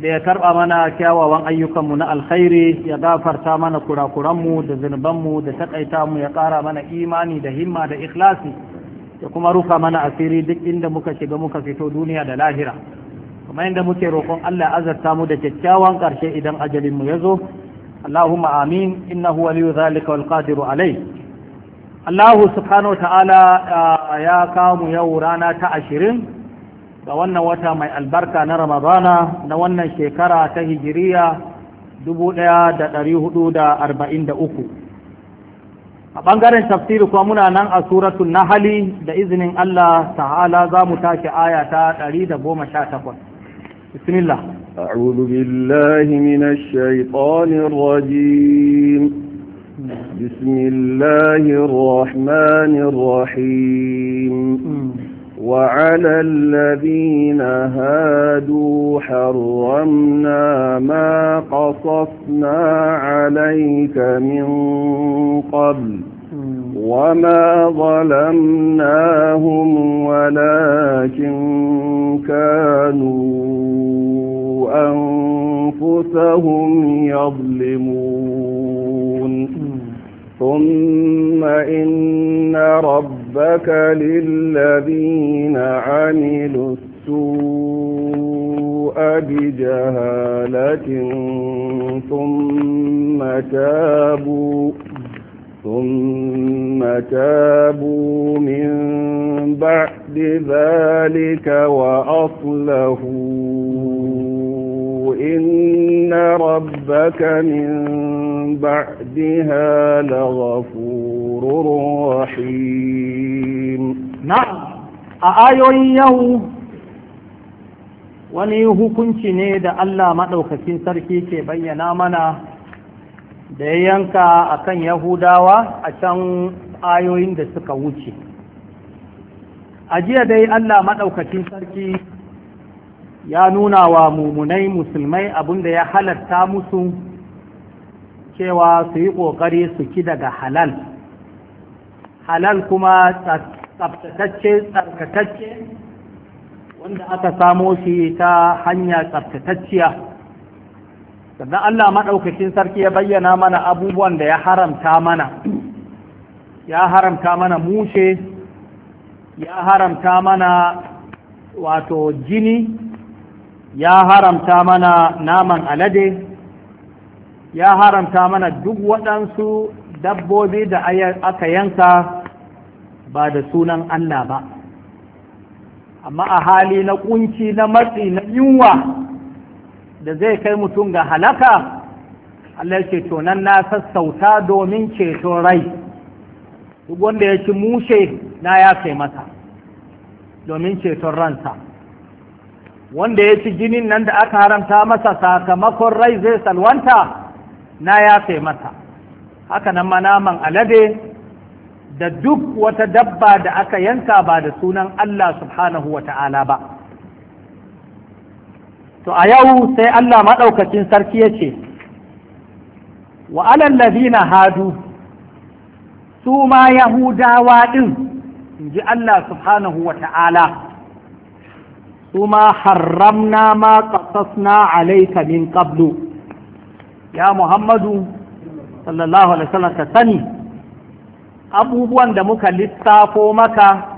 da ya karɓa mana kyawawan ayyukanmu na alkhairi ya gafarta mana kurakuranmu da zunubanmu da takaita mu ya ƙara mana imani da himma da ikhlasi ya kuma rufa mana asiri duk inda muka shiga muka fito duniya da lahira kuma inda muke roƙon Allah ya azarta mu da kyakkyawan ƙarshe idan ajalin mu ya zo Allahumma amin innahu waliyu zalika wal qadiru alai Allah subhanahu wa ta'ala ya kawo mu yau rana ta ashirin ga wannan wata mai albarka na ramadana na wannan shekara ta hijiriya 1443 a ɓangaren tafsiri kuma muna nan a suratun nahali da izinin Allah ta'ala za mu tashi aya ta 118 bismillah أعوذ بالله من الشيطان الرجيم بسم الله الرحمن الرحيم وعلى الذين هادوا حرمنا ما قصصنا عليك من قبل وما ظلمناهم ولكن كانوا أنفسهم يظلمون ثم إن ربك للذين عملوا السوء بجهالة ثم تابوا ثم تابوا من بعد ذلك وأصلحوا إن إن ربك من بعدها لغفور رحيم نعم آيوي يوم wani hukunci ne da Allah maɗaukakin sarki ke bayyana mana da ya yanka a kan Yahudawa a can ayoyin da suka wuce. A jiya dai Allah maɗaukakin sarki ya nuna wa mumunai musulmai abinda ya halatta musu cewa su yi ƙoƙari su ki daga halal halal kuma tsabtatacce tsarkatacce wanda aka samo shi ta hanya tsabtatacciya sannan Allah maɗaukacin sarki ya bayyana mana abubuwan da ya haramta mana ya haramta mana mushe ya haramta mana wato jini ya haramta mana naman alade ya haramta mana duk waɗansu dabbobi da aka yanka ba da sunan Allah ba amma a hali na kunci na matsi na yunwa da zai kai mutum ga halaka Allah ce tonan na sassauta domin ceton rai duk wanda ya ci mushe na ya kai masa domin ceton ransa wanda ya ci jinin nan da aka haramta masa sakamakon rai zai salwanta na yafe masa haka nan manaman alade da duk wata dabba da aka yanka ba da sunan Allah subhanahu wa ta'ala ba to a yau sai Allah maɗaukacin sarki ya ce wa na hadu su ma yahudawa ɗin in ji Allah subhanahu wa ta'ala Suma haramna ma qasasna alaika min ƙablu ya muhammadu sallallahu alaihi wasallam ka sani abubuwan da muka lissafo maka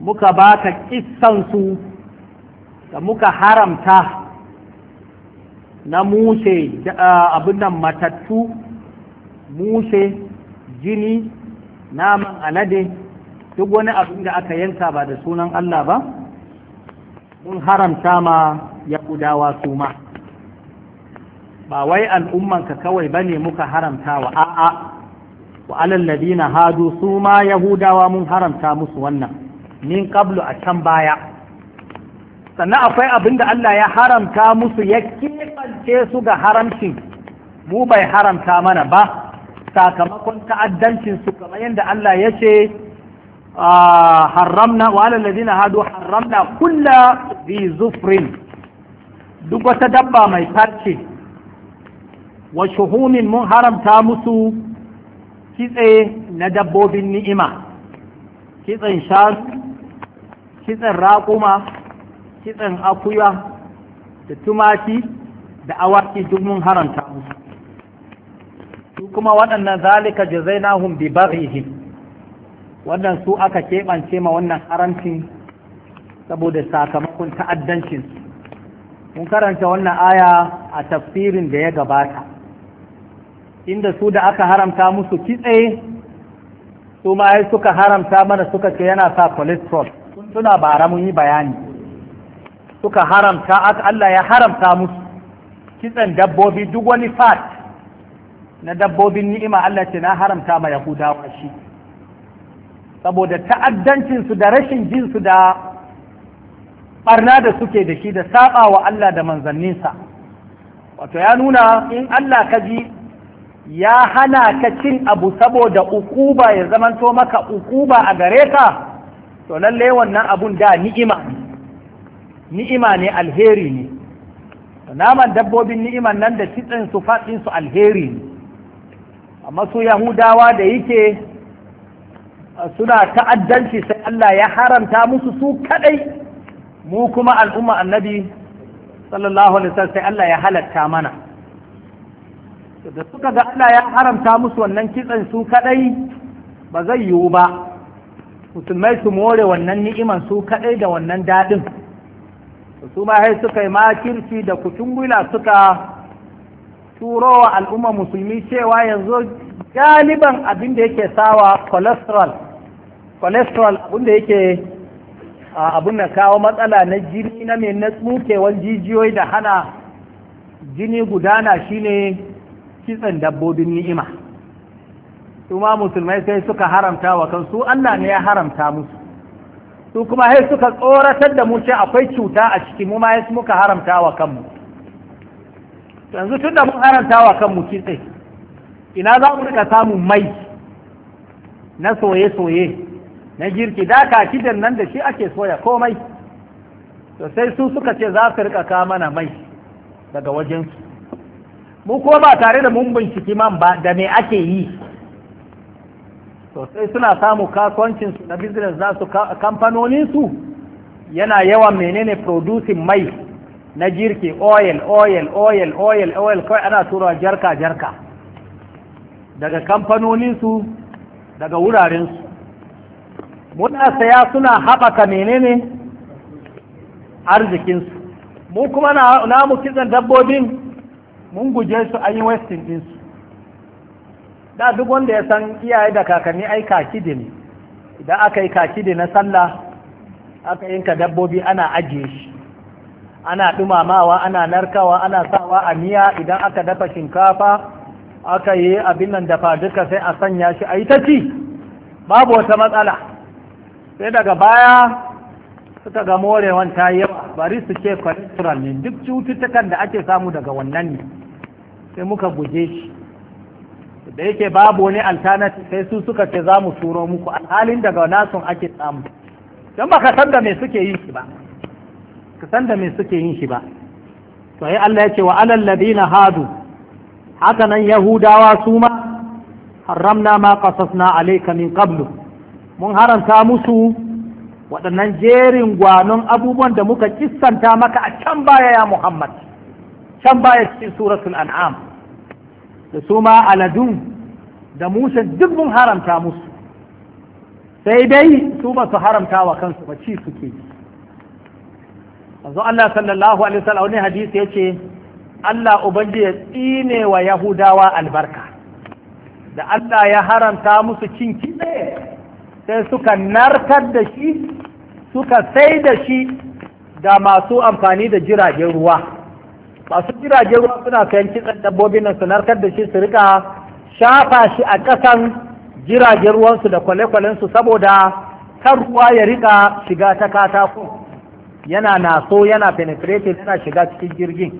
muka baka kissansu da muka haramta na mushe abin nan matattu mushe jini naman alade duk wani abin da aka yanka ba da sunan Allah ba mun haramta ma yahudawa su ma ba wai al'ummanka kawai ba ne muka haramta wa a'a wa alal hadu su ma yahudawa mun haramta musu wannan min qablu a can baya sannan akwai abin da Allah ya haramta musu ya keɓance su ga haramcin mu bai haramta mana ba sakamakon ta'addancin su kamar yadda Allah ya ce ah, haramna wa hadu haramna kulla bi zufrin duk wata dabba mai farce wa shuhumin mun haramta musu kitse na dabbobin ni'ima kitsen shanu kitsen raƙuma kitsen akuya da tumaki da awaki duk mun haramta musu su kuma waɗannan zalika jazainahum bi barihim wannan su aka keɓance ma wannan haramcin saboda sakamakon ta'addancin mun karanta wannan aya a tafsirin da ya gabata inda su da aka haramta musu kitse su ma ai suka haramta mana suka ce yana sa cholesterol sun tuna bara mun yi bayani suka haramta Allah ya haramta musu kitsen dabbobi duk wani fat na dabbobin ni'ima Allah ce na haramta ma yahudawa shi saboda ta'addancinsu da rashin jinsu da barna da suke da shi da saba wa Allah da manzanninsa wato ya nuna in Allah ka ji ya hana ka cin abu saboda ukuba ya zamanto maka ukuba a gare ka to lalle wannan abun da ni'ima ni'ima ne alheri ne naman dabbobin ni'iman nan da kitsin su fatsin su alheri ne amma su yahudawa da yake suna ta'addanci sai Allah ya haramta musu su kadai mu kuma al'umma annabi sallallahu alaihi wasallam sai Allah ya halatta mana da suka ga Allah ya haramta musu wannan kitsan su kadai ba zai yiwu ba musulmai su more wannan ni'iman su kadai da wannan dadin su ma sai suka yi makirci da kutungula suka turo wa al'umma musulmi cewa yanzu galiban abin da yake sawa cholesterol cholesterol abin da yake abin da kawo matsala na jini na mai na tsukewar jijiyoyi da hana jini gudana shine kitsan dabbobin ni'ima su musulmai sai suka haramta wa kansu Allah ne ya haramta musu su kuma sai suka tsoratar da mu akwai cuta a ciki mu ma muka haramta wa kanmu yanzu tunda mun haramta wa kanmu kitse ina za mu rika samun mai na soye-soye na girki da nan da shi ake soya komai to sai su suka ce za su rika ka mana mai daga wajensu mu ko ba tare da mun binciki man ba da me ake yi to sai suna samu kasuwancinsu na business za su kamfanoninsu yana yawan menene producing mai na girki oil oil oil oil oil kawai ana tura jarka jarka daga kamfanoninsu daga wurarensu muna saya suna haɓaka menene arzikinsu mu kuma na mu kitsan dabbobin mun guje su an yi westin ɗinsu da duk wanda ya san iyaye da kakanni ai da ne idan aka yi da na sallah aka yinka dabbobi ana ajiye shi ana dumamawa ana narkawa ana sawa a miya idan aka dafa shinkafa aka yi abin nan dafa duka sai a sanya shi a yi ta ci babu wata matsala sai daga baya suka ga morewan ta yawa bari su ce cholesterol ne duk cututtukan da ake samu daga wannan ne sai muka guje shi da yake babu wani alternative sai su suka ce za mu turo muku alhalin daga nasun ake samu don ba ka san da me suke yin shi ba ka san da me suke yin shi ba to yi Allah ya ce wa alal ladina hadu haka nan yahudawa su ma haramna ma qasasna alayka min qablu mun haramta musu waɗannan jerin gwanon abubuwan da muka kissanta maka a can baya ya Muhammad can baya cikin suratul an'am da su ma aladun da musa duk mun haramta musu sai dai su ba su haramta wa kansu ba ci suke yanzu Allah sallallahu alaihi wasallam wani hadisi yace Allah ubangi ya tsine wa Yahudawa albarka da Allah ya haramta musu cin kitse sai suka narkar da shi suka sai da shi da masu amfani da jiragen ruwa masu jiragen ruwa suna sayan kitsan dabbobin nan su narkar da shi su rika shafa shi a ƙasan jiragen ruwansu da kwale-kwalensu saboda kan ruwa ya rika shiga ta katako yana naso yana penetrating yana shiga cikin jirgin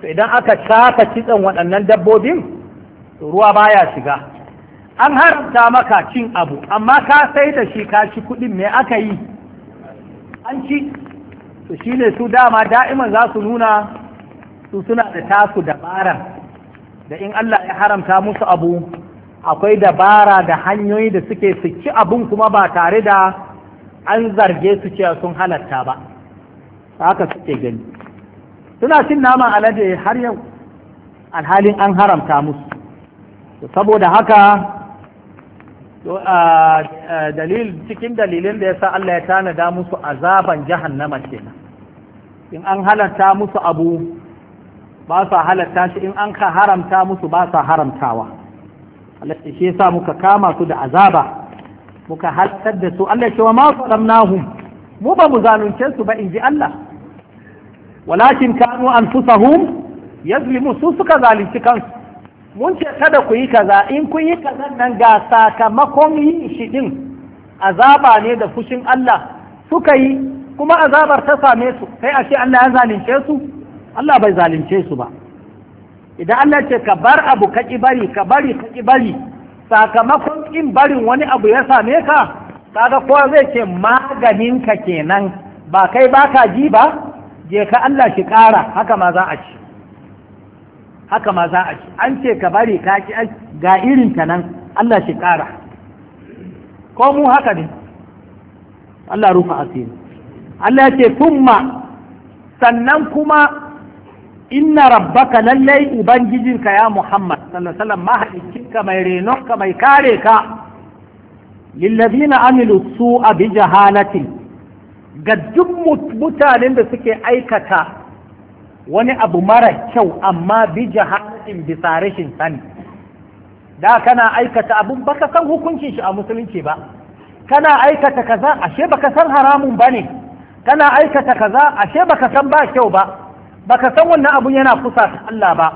to idan aka shafa kitsan waɗannan dabbobin ruwa baya shiga an haramta maka cin abu amma ka sai da shi ka ci kuɗin me aka yi an ci to shi ne su dama da'iman za su nuna su suna da tasu dabara da in Allah ya haramta musu abu akwai dabara da hanyoyi da suke su ci abun kuma ba tare da an zarge su cewa sun halatta ba haka suke gani suna cin naman alade har yau alhalin an haramta musu saboda haka dalil cikin dalilin da sa Allah ya tanada musu azaban jahannama kenan in an halatta musu abu ba sa halatta shi in an ka haramta musu ba sa haramtawa Allah shi yasa muka kama su da azaba muka haltar da su Allah shi wa ma qalamnahum mu ba mu zalunce su ba inji Allah walakin kanu anfusahum yazlimu su suka zalunci kansu mun ce kada ku yi kaza in kun yi kaza nan ga sakamakon yi shi din azaba ne da fushin Allah suka yi kuma azabar ta same su sai ashe Allah ya zalunce su Allah bai zalunce su ba idan Allah ce ka bar abu ka ki bari ka bari ka ki bari sakamakon in barin wani abu ya same ka kaga ko zai ce maganin ka kenan ba kai baka ji ba je ka Allah shi kara haka ma za a ci haka ma za a ci an ce ka bari ka ci ga irin ta nan Allah shi ƙara ko mu haka ne Allah rufa asiri Allah ce kuma sannan kuma inna rabbaka lallai ubangijinka ya Muhammad sallallahu alaihi wasallam mahaifinka mai ka mai kare ka lillazina amilu su'a bi jahalatin ga duk mutanen da suke aikata wani abu mara kyau amma bi jahalin bisa rashin sani da kana aikata abun baka san hukuncin shi a musulunci ba kana aikata kaza ashe baka san haramun bane kana aikata kaza ashe baka san ba kyau ba baka san wannan abun yana kusa ta Allah ba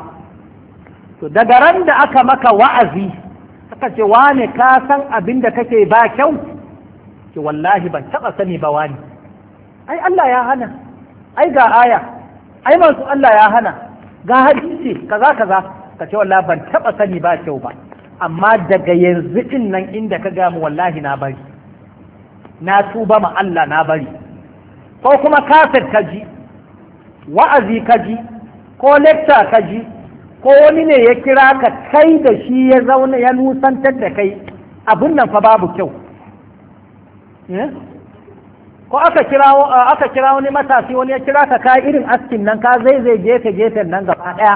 to daga ran da aka maka wa'azi aka ce wane ka san abin da kake ba kyau ki wallahi ban taba sani ba wani ai Allah ya hana ai ga aya ai masu Allah ya hana ga hadisi kaza kaza ka ce wallahi ban taba sani ba kyau ba amma daga yanzu din nan inda ka ga mu wallahi na bari na tuba ma Allah na bari ko kuma kafir ka ji wa'azi ka ji ko lecture ka ji ko wani ne ya kira ka kai da shi ya zauna ya nusantar da kai abin nan fa babu kyau eh? ko aka kira eh, aka kira wani matashi wani ya kira ka kai irin askin nan ka zai gefe gefen nan gaba daya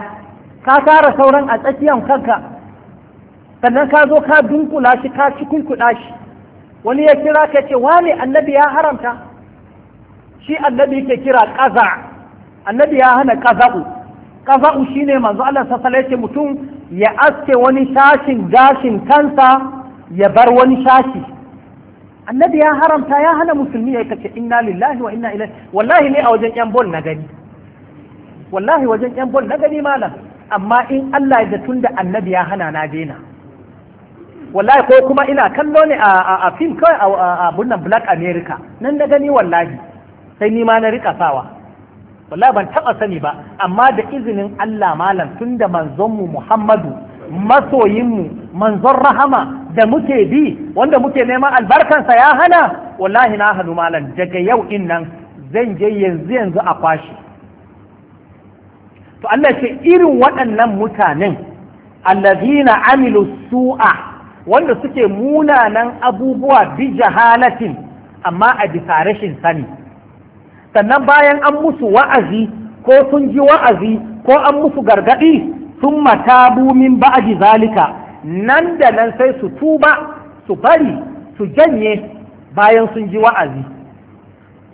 ka tara sauran a tsakiyar kanka sannan ka zo ka dunkula shi ka cikunkuɗa shi wani ya kira ka ce wani annabi ya haramta shi annabi ke kira kaza annabi ya hana kaza'u kaza'u shine manzo Allah sallallahu alaihi mutum ya aske wani shashin gashin kansa ya bar wani shashi annabi ya haramta ya hana musulmi ya kace inna lillahi wa inna ilaihi wallahi ne a wajen yan bol na gani wallahi wajen yan bol na gani malam amma in Allah ya da annabi ya hana na dena wallahi ko kuma ina kallo ne a film kawai a bunnan black america nan na gani wallahi sai ni ma na rika sawa wallahi ban taba sani ba amma da izinin Allah malam tunda manzon mu Muhammadu masoyinmu manzon rahama da muke bi wanda muke neman albarkansa ya hana wallahi na hannu malam daga yau in nan zan je yanzu yanzu a kwashi to Allah ce irin waɗannan mutanen allazina amilu su'a wanda suke munanan abubuwa bi jahalatin amma a bisa rashin sani sannan bayan an musu wa'azi ko sun ji wa'azi ko an musu gargaɗi sun matabu min ba'adi zalika nan da nan sai su tuba su bari su janye bayan sun ji wa'azi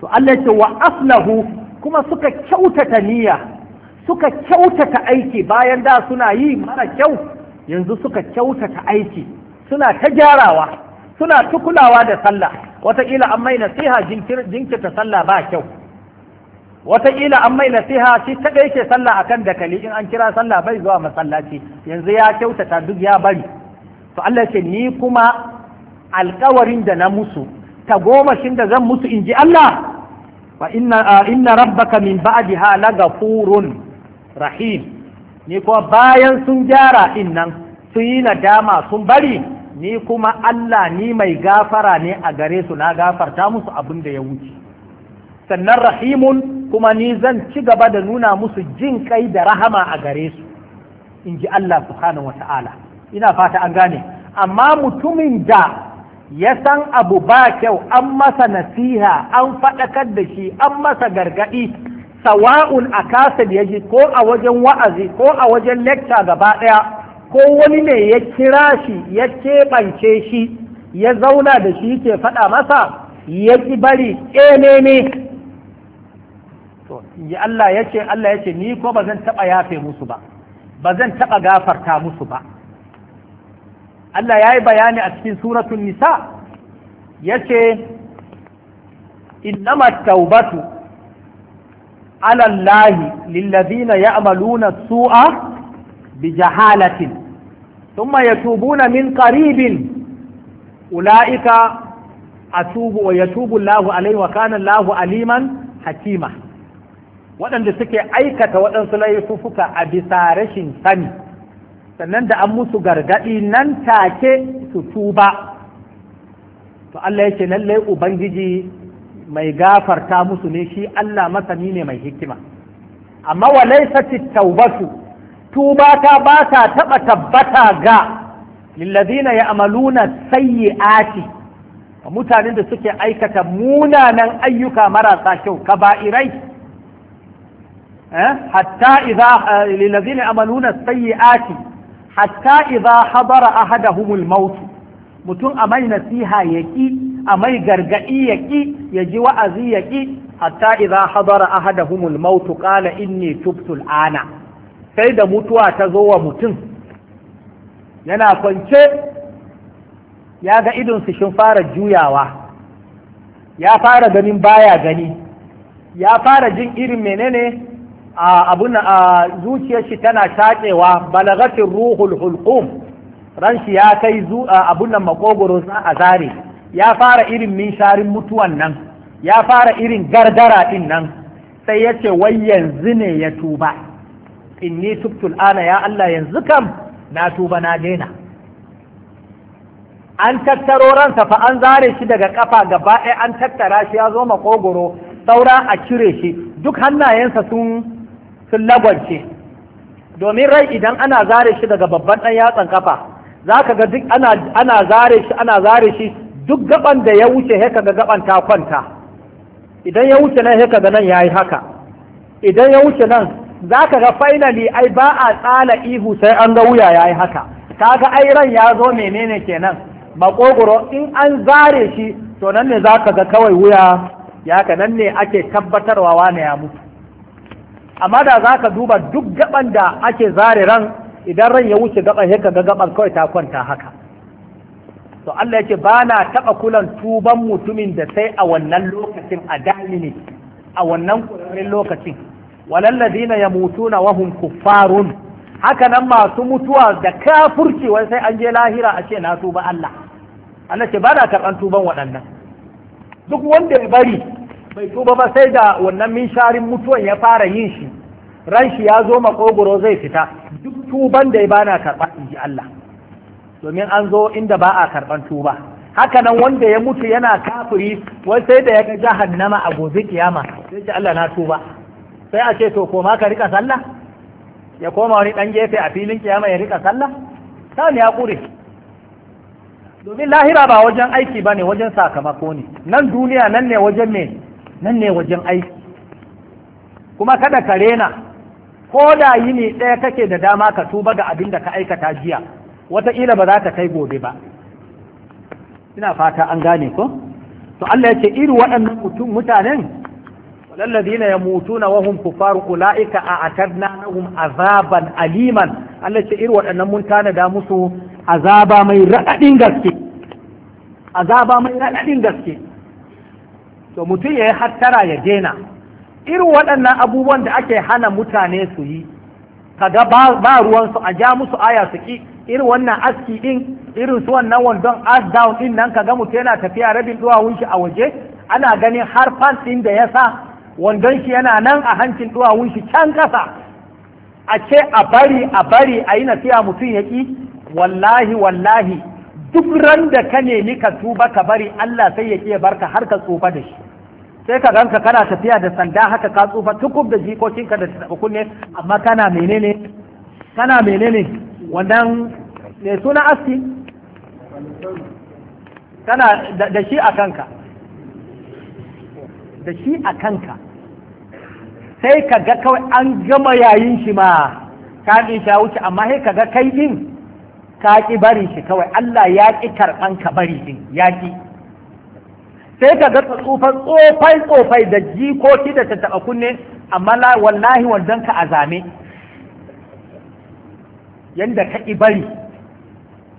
to Allah ce wa aslahu kuma suka kyautata niyya suka kyautata aiki bayan da suna yi mara kyau yanzu suka kyautata aiki suna ta gyarawa suna tukulawa da sallah wataƙila an mai nasiha jinkirta sallah ba kyau wataƙila an mai nasiha shi ta ce sallah akan dakali in an kira sallah bai zuwa masallaci yanzu ya kyautata duk ya bari to Allah ce ni kuma alƙawarin da na musu ta gomashin da zan musu in ji Allah wa inna inna rabbaka min ba'diha ghafurun rahim ni kuma bayan sun gyara in nan sun yi nadama sun bari ni kuma Allah ni mai gafara ne a gare su na gafarta musu abin da ya wuce sannan rahimun kuma ni zan ci gaba da nuna musu jin kai da rahama a gare su in ji Allah subhanahu wata'ala ina fata an gane amma mutumin da ya san abu ba kyau an masa nasiha an faɗakar da shi an masa gargaɗi sawa'un a kasar ya ji ko a wajen wa'azi ko a wajen lecture gaba ɗaya ko wani ne ya kira shi ya keɓance shi ya zauna da shi ke faɗa masa ya ƙi bari eh, ne to Allah ya ce Allah ya ce ni ko ba zan taɓa yafe musu ba ba zan taɓa gafarta musu ba Allah ya yi bayani a cikin suratun nisa ya ce innama taubatu alallahi lillazina ya'maluna su'a bi jahalatin thumma yatubuna min qaribin ulaika atubu wa yatubu Allahu alaihi wa kana Allahu aliman hakima waɗanda suke aikata waɗansu laifuka a bisa rashin sani sannan da an musu gargaɗi nan take su tuba to Allah yake lallai ubangiji mai gafarta musu ne shi Allah masani ne mai hikima amma wa laysati tawbatu tuba ta ba ta taba tabbata ga lillazina ya'maluna sayyi'ati mutanen da suke aikata munanan ayyuka marasa kyau kaba'irai Eh? hatta idza eh, lilladhina amaluna sayyiati hatta idza hadara ahaduhumul maut mutum a mai nasiha ƙi a mai ya ƙi ya ji wa'azi ƙi hatta idza hadara ahaduhumul mautu qala inni tubtu al'ana sai da mutuwa ta zo wa mutum yana kwance ya ga su sun fara juyawa ya fara ganin baya gani ya fara jin irin menene abun zuciyar shi tana shaƙewa balagatin ruhul hulqum ran shi ya kai abun nan makogoro a zare ya fara irin minsharin mutuwan nan ya fara irin gargara din nan sai ya ce wai yanzu ne ya tuba inni tubtul ana ya Allah yanzu kam na tuba na daina an tattaro ransa fa an zare shi daga kafa gaba ɗaya an tattara shi ya zo makogoro saura a cire shi duk hannayensa sun sun lagwance domin rai idan ana zare shi daga babban ɗan yatsan kafa za ka ga duk ana zare shi ana zare shi duk gaban da ya wuce haka ga gaban ta kwanta idan ya wuce nan haka ga nan ya yi haka idan ya wuce nan za ka ga fainali ai ba a tsala ihu sai an ga wuya ya yi haka Ta ga ai ran ya zo menene kenan makogoro in an zare shi to nan ne za ka ga kawai wuya ya ka nan ne ake tabbatarwa wane ya mutu amma da za ka duba duk gaban da ake zare ran idan ran ya wuce gaban ya ga gaban kawai ta kwanta haka to Allah yake ba na taɓa kulan tuban mutumin da sai a wannan lokacin a damini a wannan ƙwararren lokacin ya yamutuna wa hum kuffarun haka nan masu mutuwa da kafurci wai sai an je lahira a ce na tuba Allah Allah ce ba na tuban waɗannan duk wanda ya bari bai tuba ba sai da wannan minsharin mutuwan ya fara yin shi ran shi ya zo makogoro zai fita duk tuban da ya bana karɓa in ji Allah domin an zo inda ba a karɓan tuba haka nan wanda ya mutu yana kafiri wai sai da ya ga jahannama a gobe kiyama sai ce Allah na tuba sai a ce to koma ka rika sallah ya koma wani dan gefe a filin kiyama ya rika sallah sai ya kure domin lahira ba wajen aiki bane wajen sakamako ne nan duniya nan ne wajen me nan ne wajen aiki kuma kada ka rena ko da yini ɗaya kake da dama ka tuba ga abin da ka aikata jiya wataƙila ba za ta kai gobe ba ina fata an gane ko to Allah ya ce iri waɗannan mutanen ya mutu na والذين يموتون وهم ula'ika atar na لهم azaban aliman Allah ce iri waɗannan mun da musu azaba mai raɗaɗin gaske azaba mai raɗaɗin gaske to mutum ya yi hattara ya daina irin waɗannan abubuwan da ake hana mutane su yi kaga ba ruwansu a ja musu aya su ki irin wannan aski din irin su wannan wandon as down din nan kaga mutum yana tafiya rabin duwawun shi a waje ana ganin har fan din da ya sa wandon shi yana nan a hancin duwawun shi can kasa a ce a bari a bari a yi nasiya mutum ya ki wallahi wallahi duk ran da ka nemi ka tuba ka bari Allah sai ya ki ya barka har ka tsufa da shi sai ka ganka kana tafiya da sanda haka ka tsufa tukub da jikokinka da taɓa kunne amma kana menene kana menene wannan ne suna aski kana da shi a kanka da shi a kanka sai ka ga kawai an gama yayin shi ma ka ɗin sha wuce amma sai ka ga kai ɗin ka ki bari shi kawai Allah ya ki karban ka bari din ya ki sai ka ga tsufa tsofai tsofai da jikoki da ta kunne amma wallahi wannan ka azame yanda ka ibari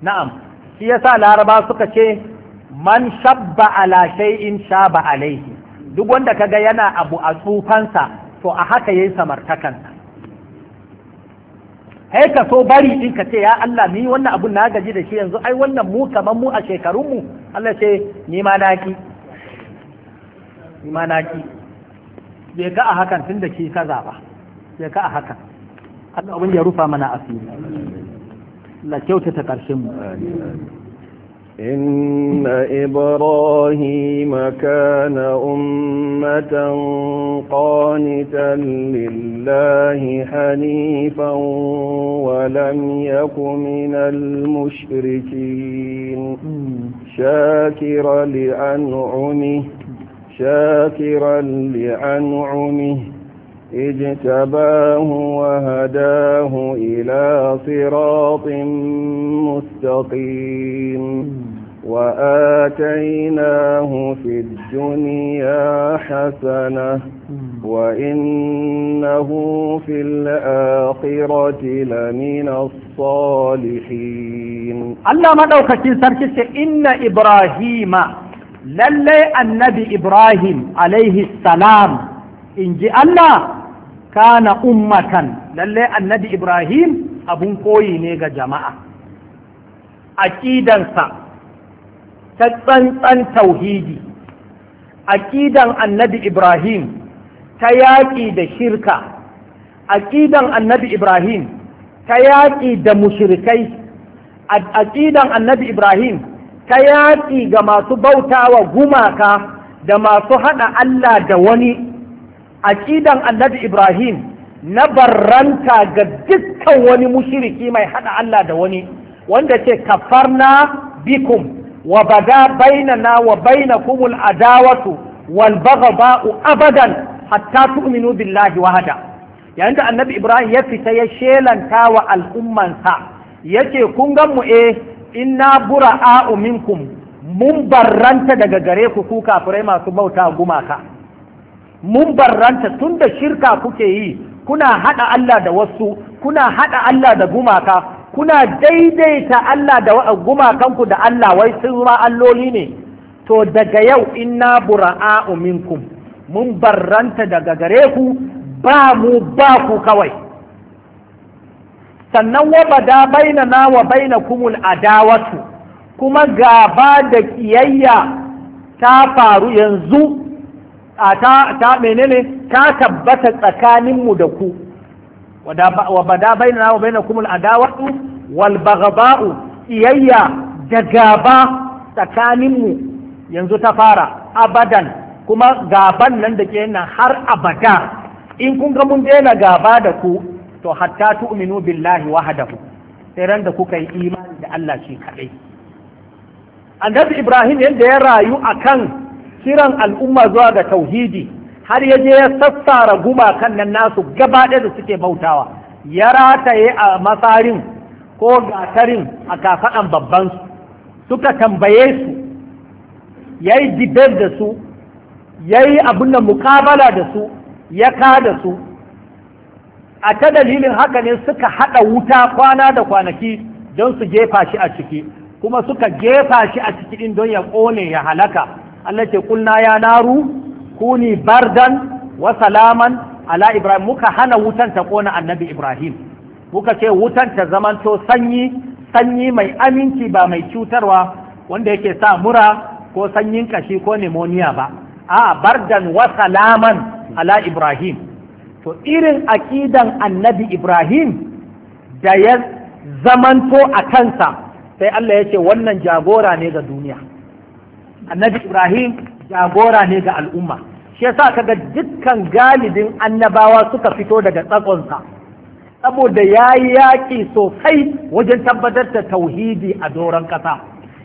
na'am shi yasa laraba suka ce man shabba ala shay'in shaba alaihi duk wanda ka ga yana abu a tsufansa to a haka yayi samartakan. hai ka so bari in ka ce ya Allah ni wannan abun na gaji da shi yanzu ai wannan mu kaman mu a shekarunmu? mu Allah ce ni ma na ki shi ki bai ka a hakan tun da shi kaza ba bai ka a hakan Allah abin ya rufa mana asiri la kyautata ƙarshen mu إن إبراهيم كان أمة قانتا لله حنيفا ولم يك من المشركين شاكرا لأنعمه شاكرا لأنعمه اجتباه وهداه إلى صراط مستقيم وآتيناه في الدنيا حسنة وإنه في الآخرة لمن الصالحين الله ما دوكتين سركس إن إبراهيم lallai annabi ibrahim alaihi salam in ji allah kana ummatan lallai annabi ibrahim abun koyi ne ga jama'a aƙidansa ta tsantsan tauhidi aƙidan annabi ibrahim ta yaƙi da shirka aƙidan annabi ibrahim ta yaƙi da mushrikai aƙidan annabi ibrahim ta yaƙi ga masu bautawa gumaka da masu haɗa Allah da wani aƙidan annabi Ibrahim na barranta ga dukkan wani mushiriki mai haɗa Allah da wani wanda ce kafarna bikum wa bada bainana wa bainakumul adawatu wal baghdha'u abadan hatta tu'minu billahi wahada yayin da annabi Ibrahim ya fita ya shelanta wa al'ummansa yace kun gan mu eh inna bura minkum mun barranta daga gare ku ku kafirai masu bauta gumaka mun barranta tun da shirka kuke yi kuna hada Allah da wasu kuna hada Allah da gumaka kuna daidaita Allah da gumakanku da Allah wai sun ma alloli ne to daga yau inna bura minkum mun barranta daga gare ku ba mu ba ku kawai sannan wabada na wa kumul adawatu kuma gaba da kiyayya ta faru yanzu a ta ta menene ta tabbata tsakaninmu da ku wabada na wa kumul adawatu wal bagaba'u kiyayya da gaba tsakaninmu yanzu ta fara abadan kuma gaban nan da ke har abada in kun ga mun daina gaba da ku to hatta tu'minu billahi wahdahu sai ran da kuka yi imani da Allah shi kadai annabi Ibrahim yanda ya rayu akan kiran al'umma zuwa ga tauhidi har ya je ya sassara gumakan nan nasu gaba da suke bautawa ya rataye a masarin ko gatarin a kafaɗan babban su, suka tambaye su ya yi da su ya yi abin da mukabala da su ya ka da su a ta dalilin haka ne suka haɗa wuta kwana da kwanaki don su gefa shi a ciki kuma suka gefa shi a ciki ɗin don ya ƙone ya halaka Allah ce kulna ya naru kuni bardan wa salaman ala ibrahim muka hana wutan ta ƙona annabi ibrahim muka ce wutan ta zamanto sanyi sanyi mai aminci ba mai cutarwa wanda yake sa mura ko sanyin kashi ko nimoniya ba a bardan wa salaman ala ibrahim to irin aƙidan annabi ibrahim da ya zamanto a kansa sai Allah ya ce wannan jagora ne ga duniya annabi ibrahim jagora ne ga al'umma shi yasa kaga dukkan galibin annabawa suka fito daga tsakonsa saboda ya yi yaƙi sosai wajen tabbatar da tauhidi a doron ƙasa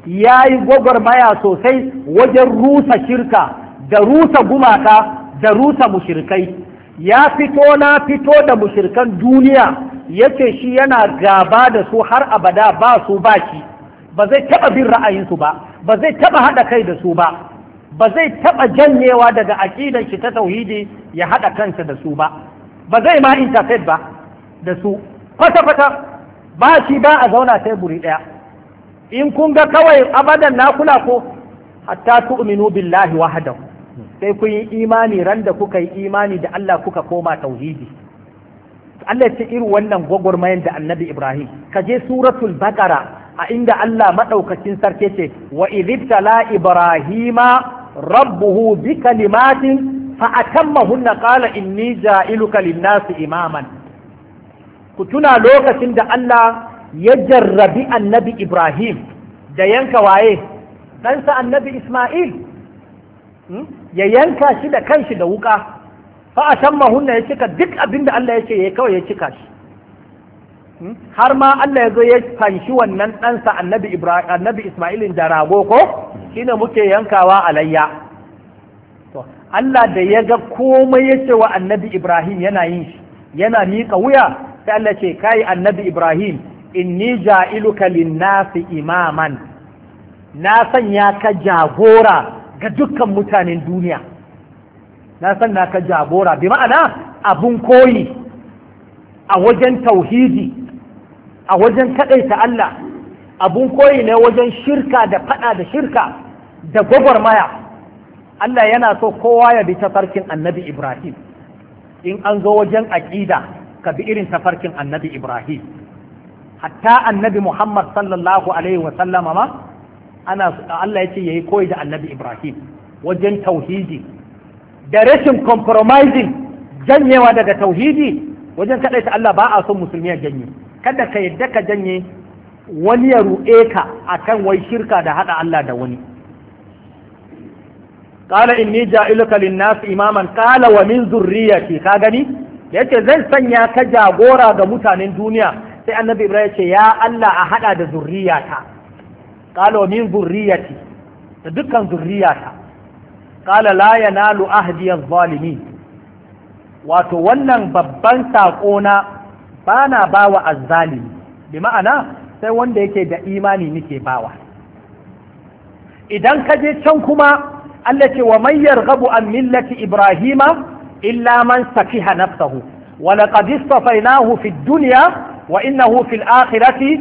ya yi gwagwarmaya sosai wajen rusa shirka da rusa gumaka da rusa mushirkai ya fito na fito da mushirkan duniya yace shi yana gaba da su har abada ba su ba ba zai taba bin ra'ayinsu ba ba zai taba haɗa kai da su ba ba zai taba janyewa daga aqidar shi ta tauhidi ya haɗa kansa da su ba ba zai ma interfere ba da su kwata-kwata ba shi ba a zauna teburi ɗaya in kun ga kawai abadan na kula ko hatta tu'minu billahi wahdahu sai kun yi imani ran da kuka yi imani da Allah kuka koma tauhidi Allah ya ce irin wannan gwagwarmayar da annabi Ibrahim ka je suratul baqara a inda Allah madaukakin sarki ce wa idhtala ibrahima rabbuhu bi kalimatin fa atammahunna qala inni ja'iluka lin-nasi imaman ku tuna lokacin da Allah ya jarrabi annabi Ibrahim da yanka waye ɗansa annabi Ismail hmm? ya yanka shi da kanshi da wuka fa a san mahunna ya cika duk abin da Allah ya ce ya kawai ya cika shi hmm? har ma Allah ya zo ya fanshi wannan ɗansa annabi Ibrahim Isma'ilin da rago ko shine muke yankawa alayya to Allah da ya ga komai ya ce wa annabi Ibrahim yana yin shi yana miƙa wuya sai Allah ce kai annabi Ibrahim inni ja'iluka lin-nasi imaman na sanya ka jagora ga dukkan mutanen duniya na san na ka jagora bi ma'ana abun koyi a wajen tauhidi a wajen kaɗaita Allah abun koyi ne wajen shirka da faɗa da shirka da gwagwarmaya Allah yana so kowa ya bi tafarkin annabi Ibrahim in an zo wajen aƙida ka bi irin tafarkin annabi Ibrahim hatta annabi Muhammad sallallahu alaihi wa sallama ma ana Allah ya ce ya yi koyi da annabi Ibrahim wajen tauhidi da rashin compromising janyewa daga tauhidi wajen kaɗaita Allah ba a son musulmi ya janye kada ka yadda ka janye wani ya ruɗe ka kan wai shirka da haɗa Allah da wani ni inni ja'iluka lin nasu imaman Ƙala wa min ce ka gani yace zan sanya ka jagora ga mutanen duniya sai annabi Ibrahim ya ce ya Allah a haɗa da zurriyata qala min zurriyati da dukkan zurriyata qala la yanalu ahdi adh wato wannan babban sako na bana bawa azzalimi bi ma'ana sai wanda yake da imani nake bawa idan ka je can kuma Allah ce wa man yarghabu an millati ibrahima illa man safiha nafsahu wa laqad istafainahu fid dunya wa innahu fil akhirati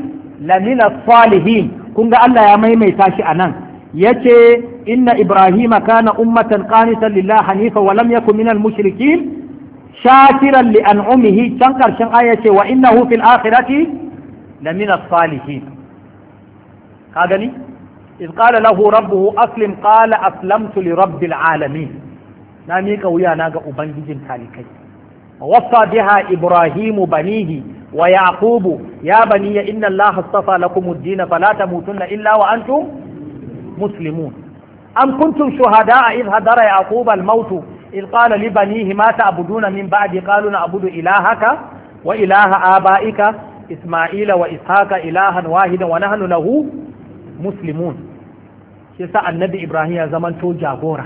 lamina salihin kun ga Allah ya maimaita shi a nan yace inna ibrahima kana ummatan qanitan lillahi hanifa wa lam yakun minal mushrikin shakiran li an'umihi can karshen aya ce wa innahu fil akhirati la min as-salihin ka gani iz qala lahu rabbuhu aslim qala aslamtu li rabbil alamin na mika wuya na ga ubangijin talikai wasa biha ibrahimu banihi wa yaqubu ya baniya inna allaha astafa lakum ad-din fala tamutunna illa wa antum muslimun am kuntum shuhada'a idh hadara yaqub al-maut إذ قال لبنيه ما تعبدون من بعد قالوا نعبد إلهك وإله آبائك إسماعيل وإسحاق إلها واحدا ونحن له مسلمون shi yasa annabi Ibrahim ya zamanto jagora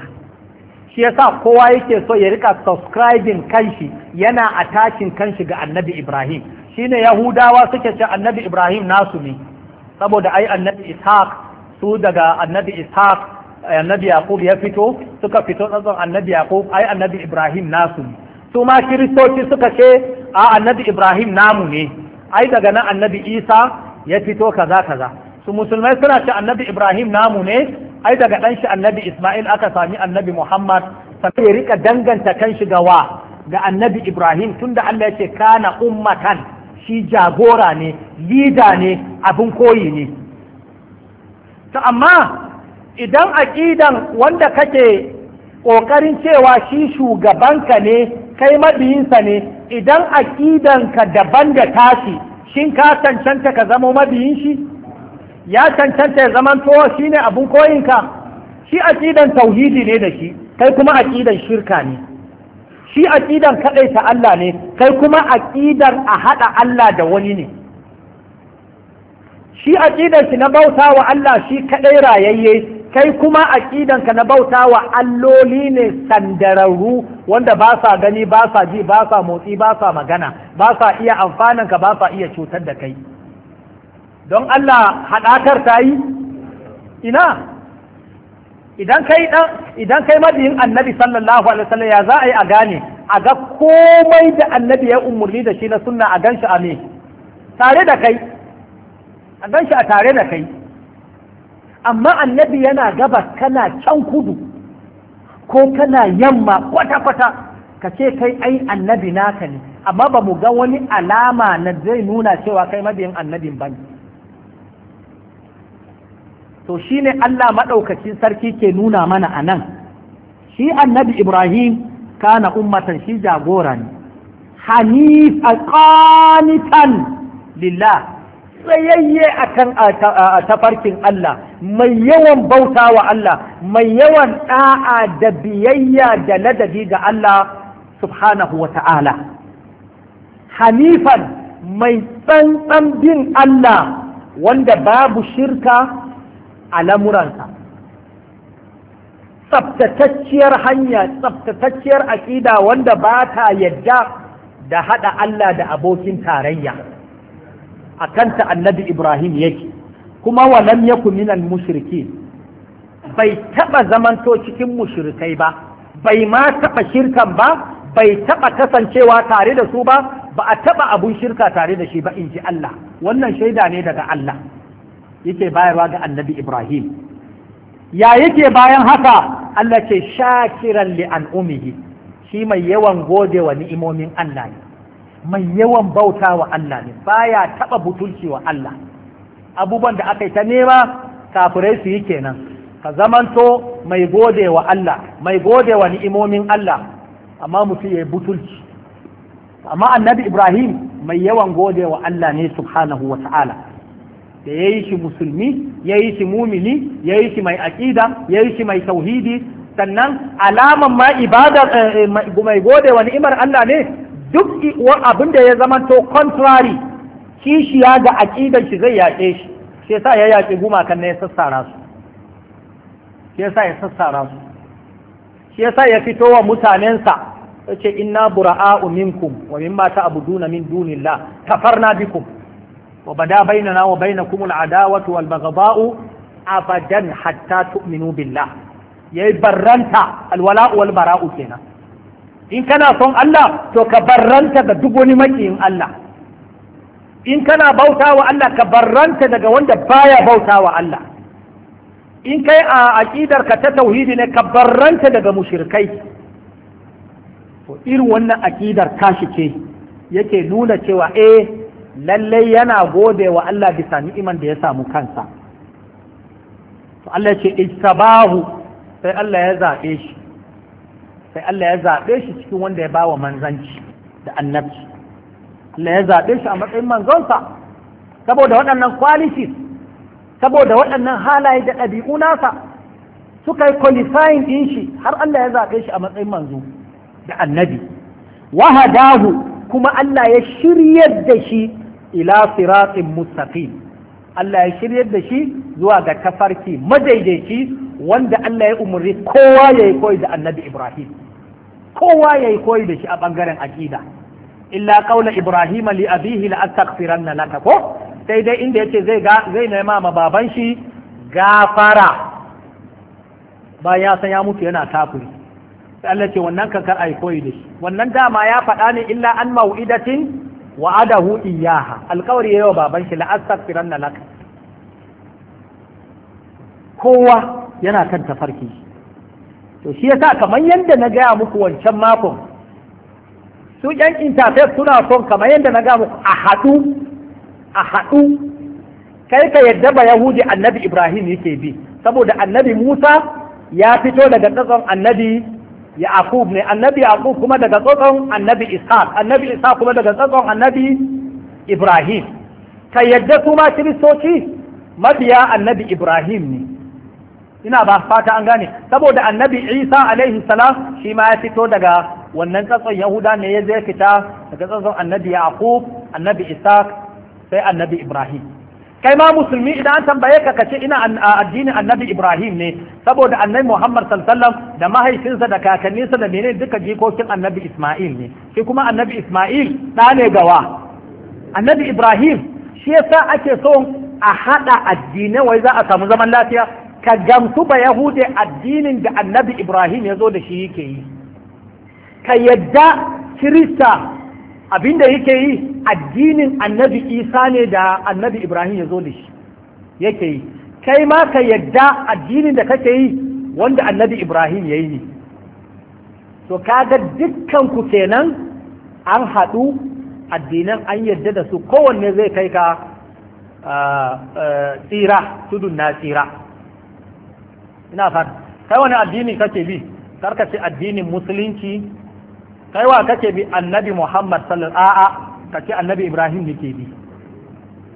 shi kowa yake so ya rika subscribing kanshi yana attaching kanshi ga annabi Ibrahim Shi ne yahudawa suke ce annabi ibrahim nasu ne saboda ai annabi ishaq su daga annabi ishaq eh, annabi yaqub ya fito suka fito tsatson annabi yaqub ai annabi ibrahim nasu ne su ma kiristoci suka ce a annabi ibrahim namu ne ai daga nan annabi isa ya fito kaza kaza su musulmai suna ce annabi ibrahim namu ne ai daga dan shi annabi isma'il aka sami annabi muhammad sai ya rika danganta kan shi ga wa ga annabi ibrahim tunda Allah ya ce kana ummatan shi jagora ne lida ne abin koyi ne ta amma idan aƙidan wanda kake ƙoƙarin cewa shi shugabanka ne kai mabiyinsa ne idan aƙidanka daban da tashi shin ka cancanta ka zama mabiyin shi ya cancanta ya zama towa shi ne abin koyinka shi aƙidan tauhidi ne da shi kai kuma aƙidan shirka ne shi aqidan kadai ta Allah ne kai kuma aqidan a hada Allah da wani ne shi aqidan shi na bauta wa Allah shi kadai rayayye kai kuma aqidan ka na bauta wa alloli ne sandararru wanda ba sa gani ba sa ji ba sa motsi ba sa magana ba sa iya amfanin ka ba sa iya cutar da kai don Allah hadakar ta yi ina idan kai dan idan kai madiyin annabi sallallahu alaihi wasallam ya za a yi a gane a ga komai da annabi ya umurni da shi na sunna a ganshi a me tare da kai a ganshi a tare da kai amma annabi yana gaba kana can kudu ko kana yamma kwata-kwata ka ce kai ai annabi naka ne amma ba mu ga wani alama na zai nuna cewa kai mabiyin annabin bane to shine Allah maɗaukacin sarki ke nuna mana a nan shi annabi Ibrahim kana ummatan shi jagora ne hanifa qanitan lillah tsayayye akan tafarkin Allah mai yawan bauta wa Allah mai yawan ɗa'a da biyayya da ladabi ga Allah subhanahu wa ta'ala hanifan mai tsantsan bin Allah wanda babu shirka a lamuransa tsabtatacciyar hanya tsabtatacciyar aƙida wanda ba ta yadda da haɗa Allah da abokin tarayya a kanta annabi Ibrahim yake kuma walam yaku minal mushriki bai taɓa zamanto cikin mushrikai ba bai ma taɓa shirkan ba bai taɓa kasancewa tare da su ba ba a taɓa abun shirka tare da shi ba in ji Allah wannan shaida ne daga Allah yake bayarwa ga annabi ibrahim ya yake bayan haka Allah ce shakiran li an'umihi shi mai yawan gode wa ni'imomin Allah ne mai yawan bauta wa Allah ne baya taba butulci wa Allah abubuwan da aka yi ta nema kafirai su yi kenan ka zamanto mai gode wa Allah mai gode wa ni'imomin Allah amma mutum ya yi butulci amma annabi Ibrahim mai yawan gode wa Allah ne subhanahu wa ta'ala da ya yi shi musulmi ya yi shi mumini ya yi shi mai aƙida ya yi shi mai tauhidi sannan alaman ma ibada eh, eh, mai gode wa ni'imar Allah ne duk abin da ya to contrary kishiya ga aƙidar shi zai yaƙe shi shi yasa ya yaƙi gumakan ne ya sassara su shi ya sassara su shi yasa ya fito wa mutanensa yace inna bura'a'u minkum wa mimma ta'buduna min dunillah kafarna bikum وبدا بيننا وبينكم العداوة والبغضاء أبدا حتى تؤمنوا بالله يا برنتا الولاء والبراء كنا إن كان صن الله تو كبرنتا بدبوني مكين الله إن كان بوتا الله كبرنتا دقا وندا بايا بوتا الله in kai a aƙidar ka ta tauhidi ne ka barranta daga mushirkai to irin wannan aƙidar tashi ce yake nuna cewa eh lallai yana gode wa Allah bisa ni'iman da ya samu kansa to Allah ce istabahu sai Allah ya zaɓe shi sai Allah ya zaɓe shi cikin wanda ya bawa manzanci da annabci Allah ya zaɓe shi a matsayin manzonsa saboda waɗannan qualities saboda waɗannan halaye da ɗabi'u nasa suka yi qualifying ɗin shi har Allah ya zaɓe shi a matsayin manzo da annabi wahadahu kuma Allah ya shiryar da shi ila siratin mustaqim Allah ya shiryar da shi zuwa ga tafarki madaidaici wanda Allah ya umarni kowa ya yi koyi da annabi Ibrahim kowa ya yi koyi da shi a ɓangaren aƙida illa qaula ibrahima li abihi la astaghfiranna laka ko sai dai inda yace zai ga zai nema ma baban shi gafara bayan ya san ya mutu yana kafiri sai Allah ce wannan kankar ai koyi da shi wannan dama ya faɗa ne illa an mau'idatin wa'adahu iyaha alkawari yayi wa baban shi la lak kowa yana kan tafarki to shi yasa kamar yadda na gaya muku wancan makon su yan interface suna son kamar yadda na gaya muku a haɗu a haɗu kai ka yadda ba yahudi annabi ibrahim yake bi saboda annabi musa ya fito daga tsatson annabi yaqub ne annabi yaqub kuma daga tsotson annabi isa annabi isa kuma daga tsotson annabi ibrahim ka yadda su ma kiristoci mabiya annabi ibrahim ne ina ba fata an gane saboda annabi isa alaihi salam shi ma ya fito daga wannan tsotson yahuda ne ya zai fita daga tsotson annabi yaqub annabi isa sai annabi ibrahim kai ma musulmi idan an tambaye ka kace ina addinin annabi ibrahim ne saboda annabi muhammad sallallahu da mahaifinsa da kakanninsa da menene duka jikokin annabi isma'il ne shi kuma annabi isma'il ɗa ne gawa annabi ibrahim shi yasa ake so a haɗa addinai wai za a samu zaman lafiya ka gamsu ba yahude addinin da annabi ibrahim ya zo da shi yake yi ka yadda kirista abinda yake yi addinin annabi isa ne da annabi ibrahim ya zo da shi yake yi kai ma ka yadda addinin da kake yi wanda annabi ibrahim ya yi to kaga dukkan ku kenan an haɗu addinan an yadda da su kowanne zai kai ka tsira tudun na tsira ina fata kai wani addini kake bi karka ce addinin musulunci kai wa kake bi annabi muhammad sallallahu a'a kake annabi ibrahim nake bi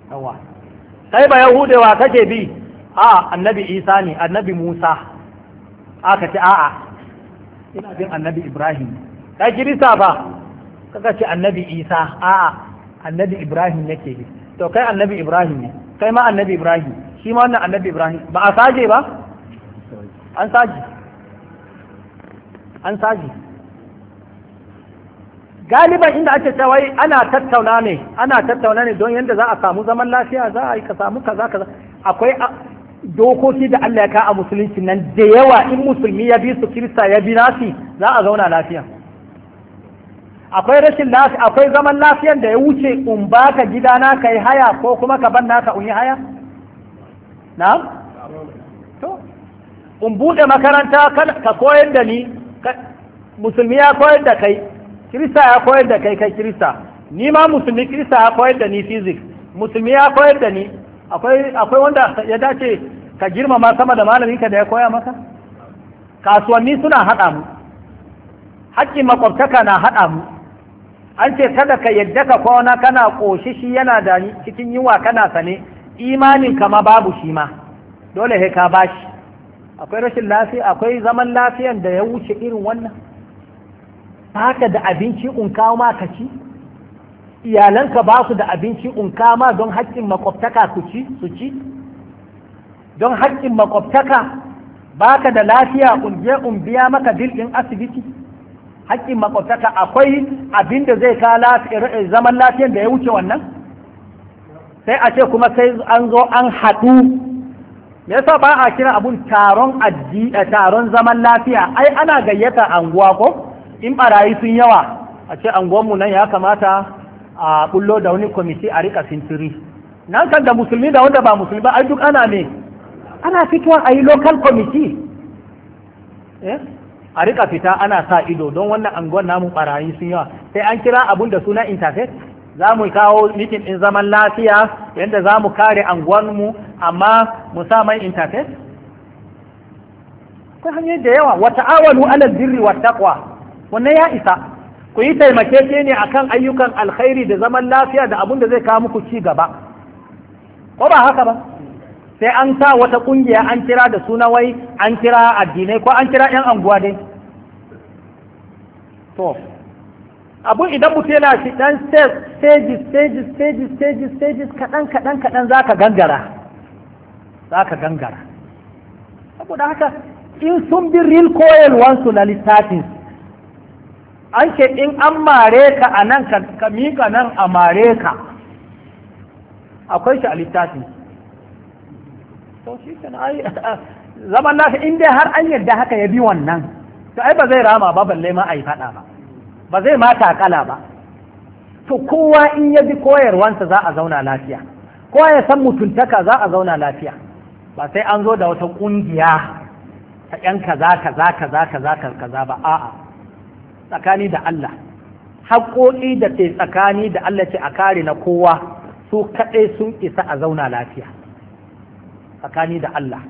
yawa kai ba yahude wa kake bi a annabi isa ne annabi musa a kace a'a ina bin annabi ibrahim kai kirista ba kaka ce annabi isa a'a annabi ibrahim nake bi to kai annabi ibrahim ne kai ma annabi ibrahim shi ma wannan annabi ibrahim ba a saje ba an saje an saje galiban inda ake cewa ana tattauna ne ana tattauna ne don yadda za a samu zaman lafiya za a yi ka samu kaza kaza akwai dokoki da Allah ya ka a musulunci nan da yawa in musulmi ya bi su kirista ya bi nasi za a zauna lafiya akwai rashin lafiya akwai zaman lafiyan da ya wuce in baka gidana ka yi haya ko kuma ka ban naka in yi haya na to in bude makaranta ka koyar da ni musulmi ya koyar da kai kirista ya koyar da kai kai kirista ni ma musulmi kirista ya koyar da ni physics musulmi ya koyar da ni akwai wanda ya dace ka girmama sama da malaminka da ya koya maka kasuwanni suna haɗa mu haƙƙin makwabtaka na haɗa mu an ce kada ka yadda ka kwana kana ƙoshi shi yana da cikin yiwa kana sane imanin kama babu shi ma dole he ka bashi akwai rashin lafiya akwai zaman lafiyan da ya wuce irin wannan haka da abinci in kawo ma ka ci iyalanka ba su da abinci in kama don haƙƙin makwabtaka su ci su ci don haƙƙin makwabtaka ka da lafiya in je in biya maka bilɗin asibiti haƙƙin makwabtaka akwai abin da zai kala eh, eh, zaman lafiyan da ya wuce wannan sai a ce kuma sai an zo an haɗu me yasa ba a kira abun taron eh, taron zaman lafiya ai ana gayyata anguwa ko in barayi sun yawa a ce anguwanmu nan ya kamata a bullo da wani kwamiti a rika sintiri nan kan da musulmi da wanda ba musulmi ba ai duk ana ne ana fitowa a yi local committee eh? a rika fita ana sa ido don wannan anguwan namu barayi sun yawa sai an kira abun da suna interface za mu kawo mitin in zaman lafiya yadda za mu kare anguwanmu amma mu sa mai interface ta hanyar da yawa wata awalu ala birri wa taqwa wannan ya isa ku yi taimakeke ne akan ayyukan alkhairi da zaman lafiya da abun da zai kawo muku ci gaba ko ba haka ba sai an sa wata kungiya an kira da suna wai an kira addinai ko an kira yan anguwa dai to abu idan mutum yana shi dan stages stages stages stages stages kadan kadan kadan zaka gangara zaka gangara saboda haka in sun bi real wansu na littafin an ce in an mare ka a nan ka miƙa nan a mare ka akwai shi a littafi zaman nasa in dai har an yadda haka ya bi wannan to ai ba zai rama ba balle ma a yi faɗa ba ba zai ma takala ba to kowa in ya bi koyarwansa za a zauna lafiya kowa ya san mutuntaka za a zauna lafiya ba sai an zo da wata ƙungiya ta ƴan kaza kaza kaza kaza kaza ba a'a tsakani da Allah haƙoƙi da ke tsakani da Allah ce a kare na kowa su kaɗai sun isa a zauna lafiya tsakani da Allah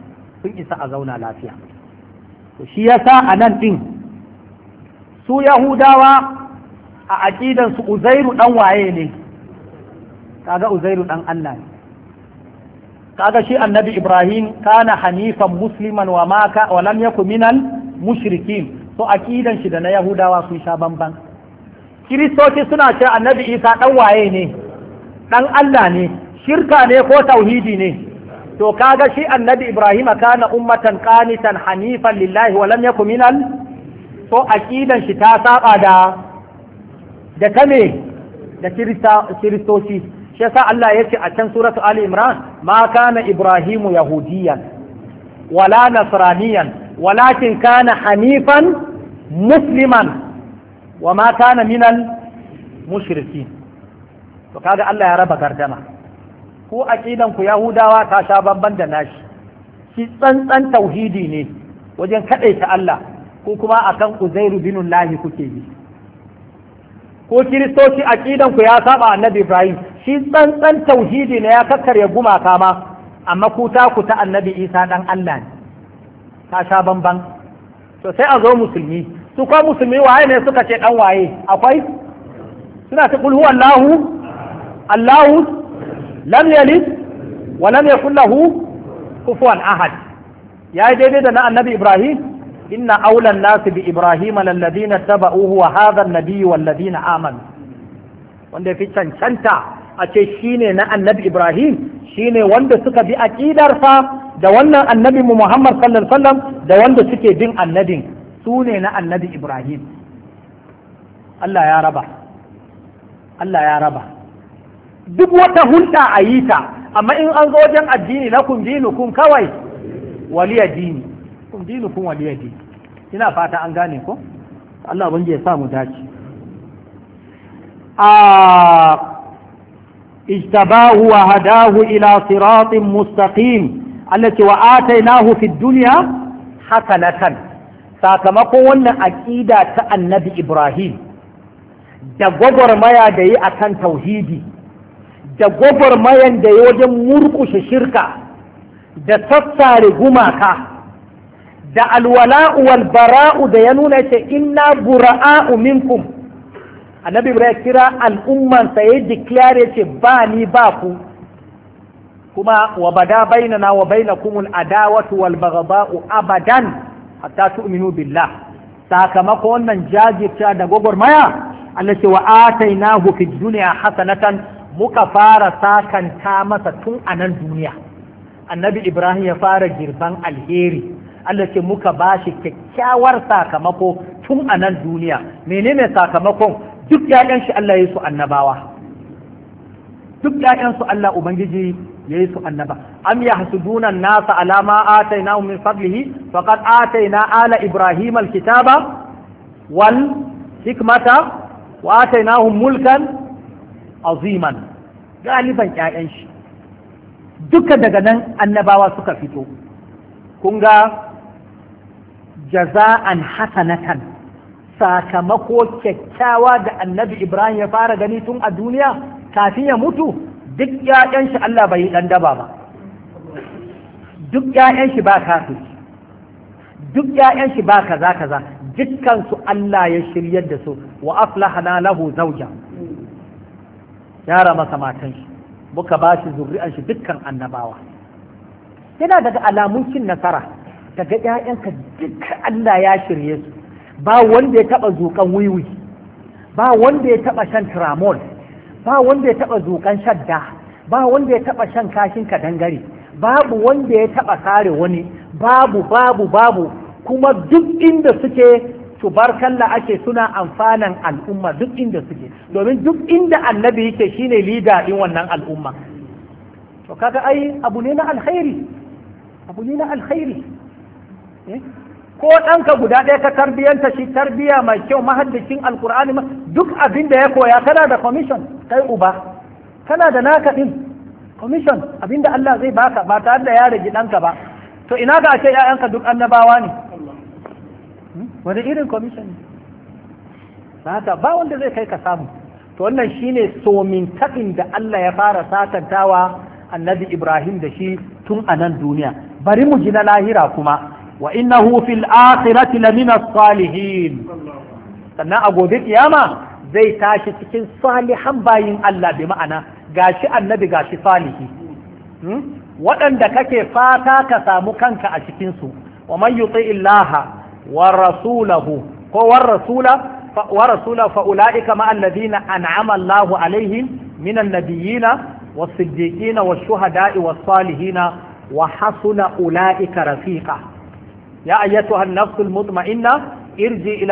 sun isa a zauna lafiya to shi yasa a nan ɗin su yahudawa a aƙidansu uzairu ɗan waye ne kaga uzairu ɗan Allah ne kaga shi annabi ibrahim kana hanifan musliman wa maka wa lam yakun minal mushrikin ko akidan shi da na yahudawa sun sha bamban kiristoci suna ce annabi isa dan waye ne dan Allah ne shirka ne ko tauhidi ne to kaga shi annabi ibrahim kana ummatan qanitan hanifan lillahi wa lam yakun minal to shi ta saba da da kame da kiristoci shi yasa Allah ya ce a can suratu Ali Imran ma kana Ibrahimu yahudiyan wala nasraniyan walakin kana hanifan musliman wa mata na minal mushriki to kaga Allah ya raba gardama ko aqidan ku yahudawa ta sha babban da nashi shi tsantsan tauhidi ne wajen kadaita Allah ko kuma akan uzairu binullahi kuke yi ko kiristoci aqidan ku ya saba annabi Ibrahim shi tsantsan tauhidi ne ya kakkarya gumaka ma amma ku ta ku ta annabi Isa dan Allah ne ta sha bamban to sai a zo musulmi su musulmi waye ne suka ce dan waye akwai suna ta kul huwallahu allahu lam yalid wa lam yakul lahu kufuwan ahad yayi daidai da na annabi ibrahim inna aulan nasu bi ibrahim lalladina taba'uhu wa hadha an-nabiy walladina amanu wanda fi cancanta a ce shine na annabi ibrahim shine wanda suka bi aqidarsa da wannan annabi mu muhammad sallallahu alaihi wasallam da wanda suke bin annabin su ne na annabi ibrahim Allah ya raba Allah ya raba duk wata hulɗa a yi ta amma in an zo wajen addini na kun dini kun kawai waliya dini kun dini kun waliya dini ina fata an gane ko Allah ban ya samu dace a اجتباه وهداه إلى صراط مستقيم التي وآتيناه في الدنيا حسنة sakamakon wannan aƙida ta annabi ibrahim da gwagwarmaya da yi akan tauhidi da gwagwarmayan da yi wajen murkushe shirka da sassare gumaka da alwala'u wal bara'u da ya nuna ce inna bura'a'u minkum annabi ibrahim kira al'ummansa ya declare ce ba ni ba ku kuma wa bada bainana wa bainakumul adawatu wal baghdha'u abadan hatta tu'minu billah sakamako wannan jajirta da gwagwarmaya Allah ce wa atainahu fid dunya hasanatan muka fara sakanta masa tun a nan duniya annabi ibrahim ya fara girban alheri Allah ce muka bashi kyakkyawar sakamako tun a nan duniya menene sakamakon duk 'ya'yan shi Allah ya su annabawa duk 'ya'yansu Allah ubangiji yayi su annaba am ya an-nasa ala ma atainahum min fadlihi faqad ataina ala ibrahim kitaba wal hikmata wa atainahum mulkan aziman galiban ƴaƴan shi duka daga nan annabawa suka fito kun ga jaza'an hasanatan sakamako kyakkyawa da annabi ibrahim ya fara gani tun a duniya kafin ya mutu duk ya'yan shi Allah bai yi dan daba ba duk ya'yan shi ba kafin duk ya'yan shi ba kaza kaza dukkan su Allah ya shiryar da su wa aflahna lahu zawja yara masa matan shi muka ba shi zuri'an shi dukkan annabawa yana daga alamun cin nasara daga ya'yan ƴaƴanka dukkan Allah ya shirye su ba wanda ya taba zuƙan wiwi ba wanda ya taba shan tramol ba wanda ya taba zukan shadda ba wanda ya taba shan kashin ka dangare babu wanda ya taba kare wani babu babu babu kuma duk inda suke tubarkalla ake suna amfanan al'umma duk inda suke domin duk inda annabi yake shine lida din wannan al'umma to kaga ai abu ne na alkhairi abu ne na alkhairi eh? ko ɗanka guda ɗaya ka tarbiyanta shi tarbiya mai kyau mahaddacin alkur'ani duk abin da ya koya kana da commission kai uba kana da naka din commission abinda Allah zai baka ba tare da ya rage ba to ina ga ce ƴaƴanka duk annabawa ne hmm? wani irin commission ne haka ba wanda zai kai ka samu to wannan shine somin taɗin da Allah ya fara satantawa annabi Ibrahim da shi tun a nan duniya bari mu ji na lahira kuma wa innahu fil akhirati lamina salihin sannan a gobe kiyama zai tashi cikin salihan bayin Allah bi ma'ana gashi annabi gashi salihi hmm? waɗanda kake fata ka samu kanka a cikinsu wa man yuti illaha wa rasulahu ko war rasula wa rasula fa ulaika ma alladhina an'ama Allahu alaihim minan nabiyina was-siddiqina wa shuhadai was-salihina wa hasuna ulaika rafiqa ya ayyatuha an-nafsul mutma'inna irji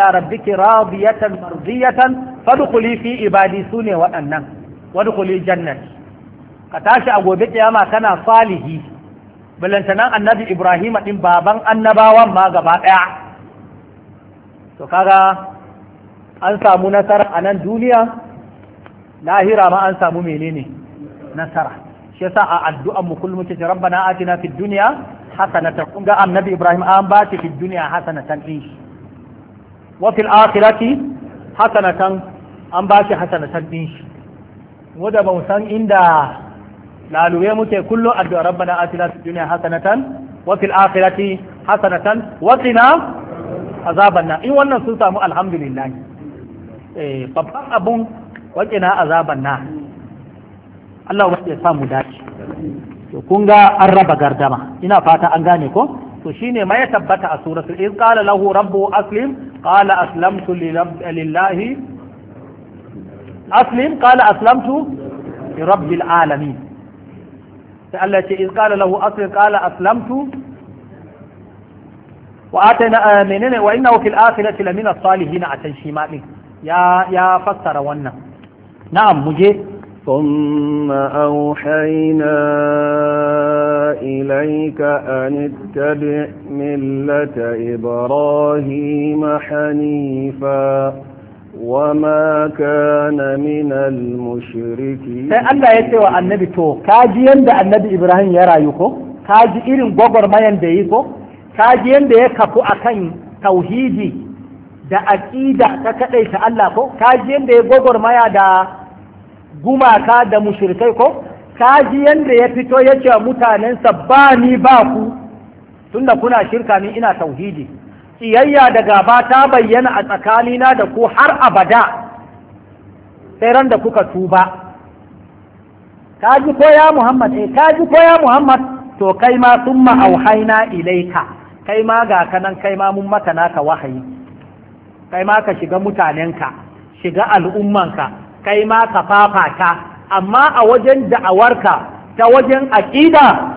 fadkhuli fi ibadi sune waɗannan Wadukuli jannati ka tashi a gobe kiyama kana salihi balantanan annabi Ibrahim din baban annabawan ma gaba ɗaya to kaga an samu nasara a nan duniya lahira ma an samu menene nasara shi yasa a addu'an mu kullum ce rabbana atina fid dunya hasanatan kun ga annabi Ibrahim an ba shi fid dunya hasanatan din wa fil akhirati hasanatan an ba shi hasanatar din shi mu ba mu san inda laluwe muke kullu addu'a rabbana atina fid dunya hasanatan wa fil akhirati hasanatan wa qina azaban nar in wannan sun samu alhamdulillah eh babban abun wa qina azaban nar Allah ya sa mu dace to kun ga an raba gardama ina fata an gane ko to shine ma ya tabbata a suratul iz qala lahu rabbu aslim qala aslamtu lillahi أسلم قال أسلمت لرب العالمين التي إذ قال له أسلم قال أسلمت وآتنا آمنين وإنه في الآخرة لمن الصالحين عشان شمالي يا يا فسر ونا نعم مجيب ثم أوحينا إليك أن اتبع ملة إبراهيم حنيفاً Wama كان من sai Allah ya ce wa annabi to kaji yanda annabi Ibrahim ya rayu ko kaji irin gwagwarmayan da yi ko kaji yanda ya kafu akan tauhidi da aqida ta ta Allah ko kaji yanda ya gwagwarmaya da gumaka da mushrikai ko kaji yanda ya fito ya ce mutanensa ba ni ba ku tunda kuna shirka ni ina tauhidi ƙiyayya da gaba ta bayyana a tsakanina da ku har abada sai ran da kuka tuba ka ji koya muhammad eh ka ji koya muhammad to kai ma sun ma'auhaina ilaika kai ma ga kanan kai ma mun maka naka wahayi kai ma ka shiga mutanenka shiga al'ummanka kai ma ka fafata amma a wajen da'awarka ta wajen aƙida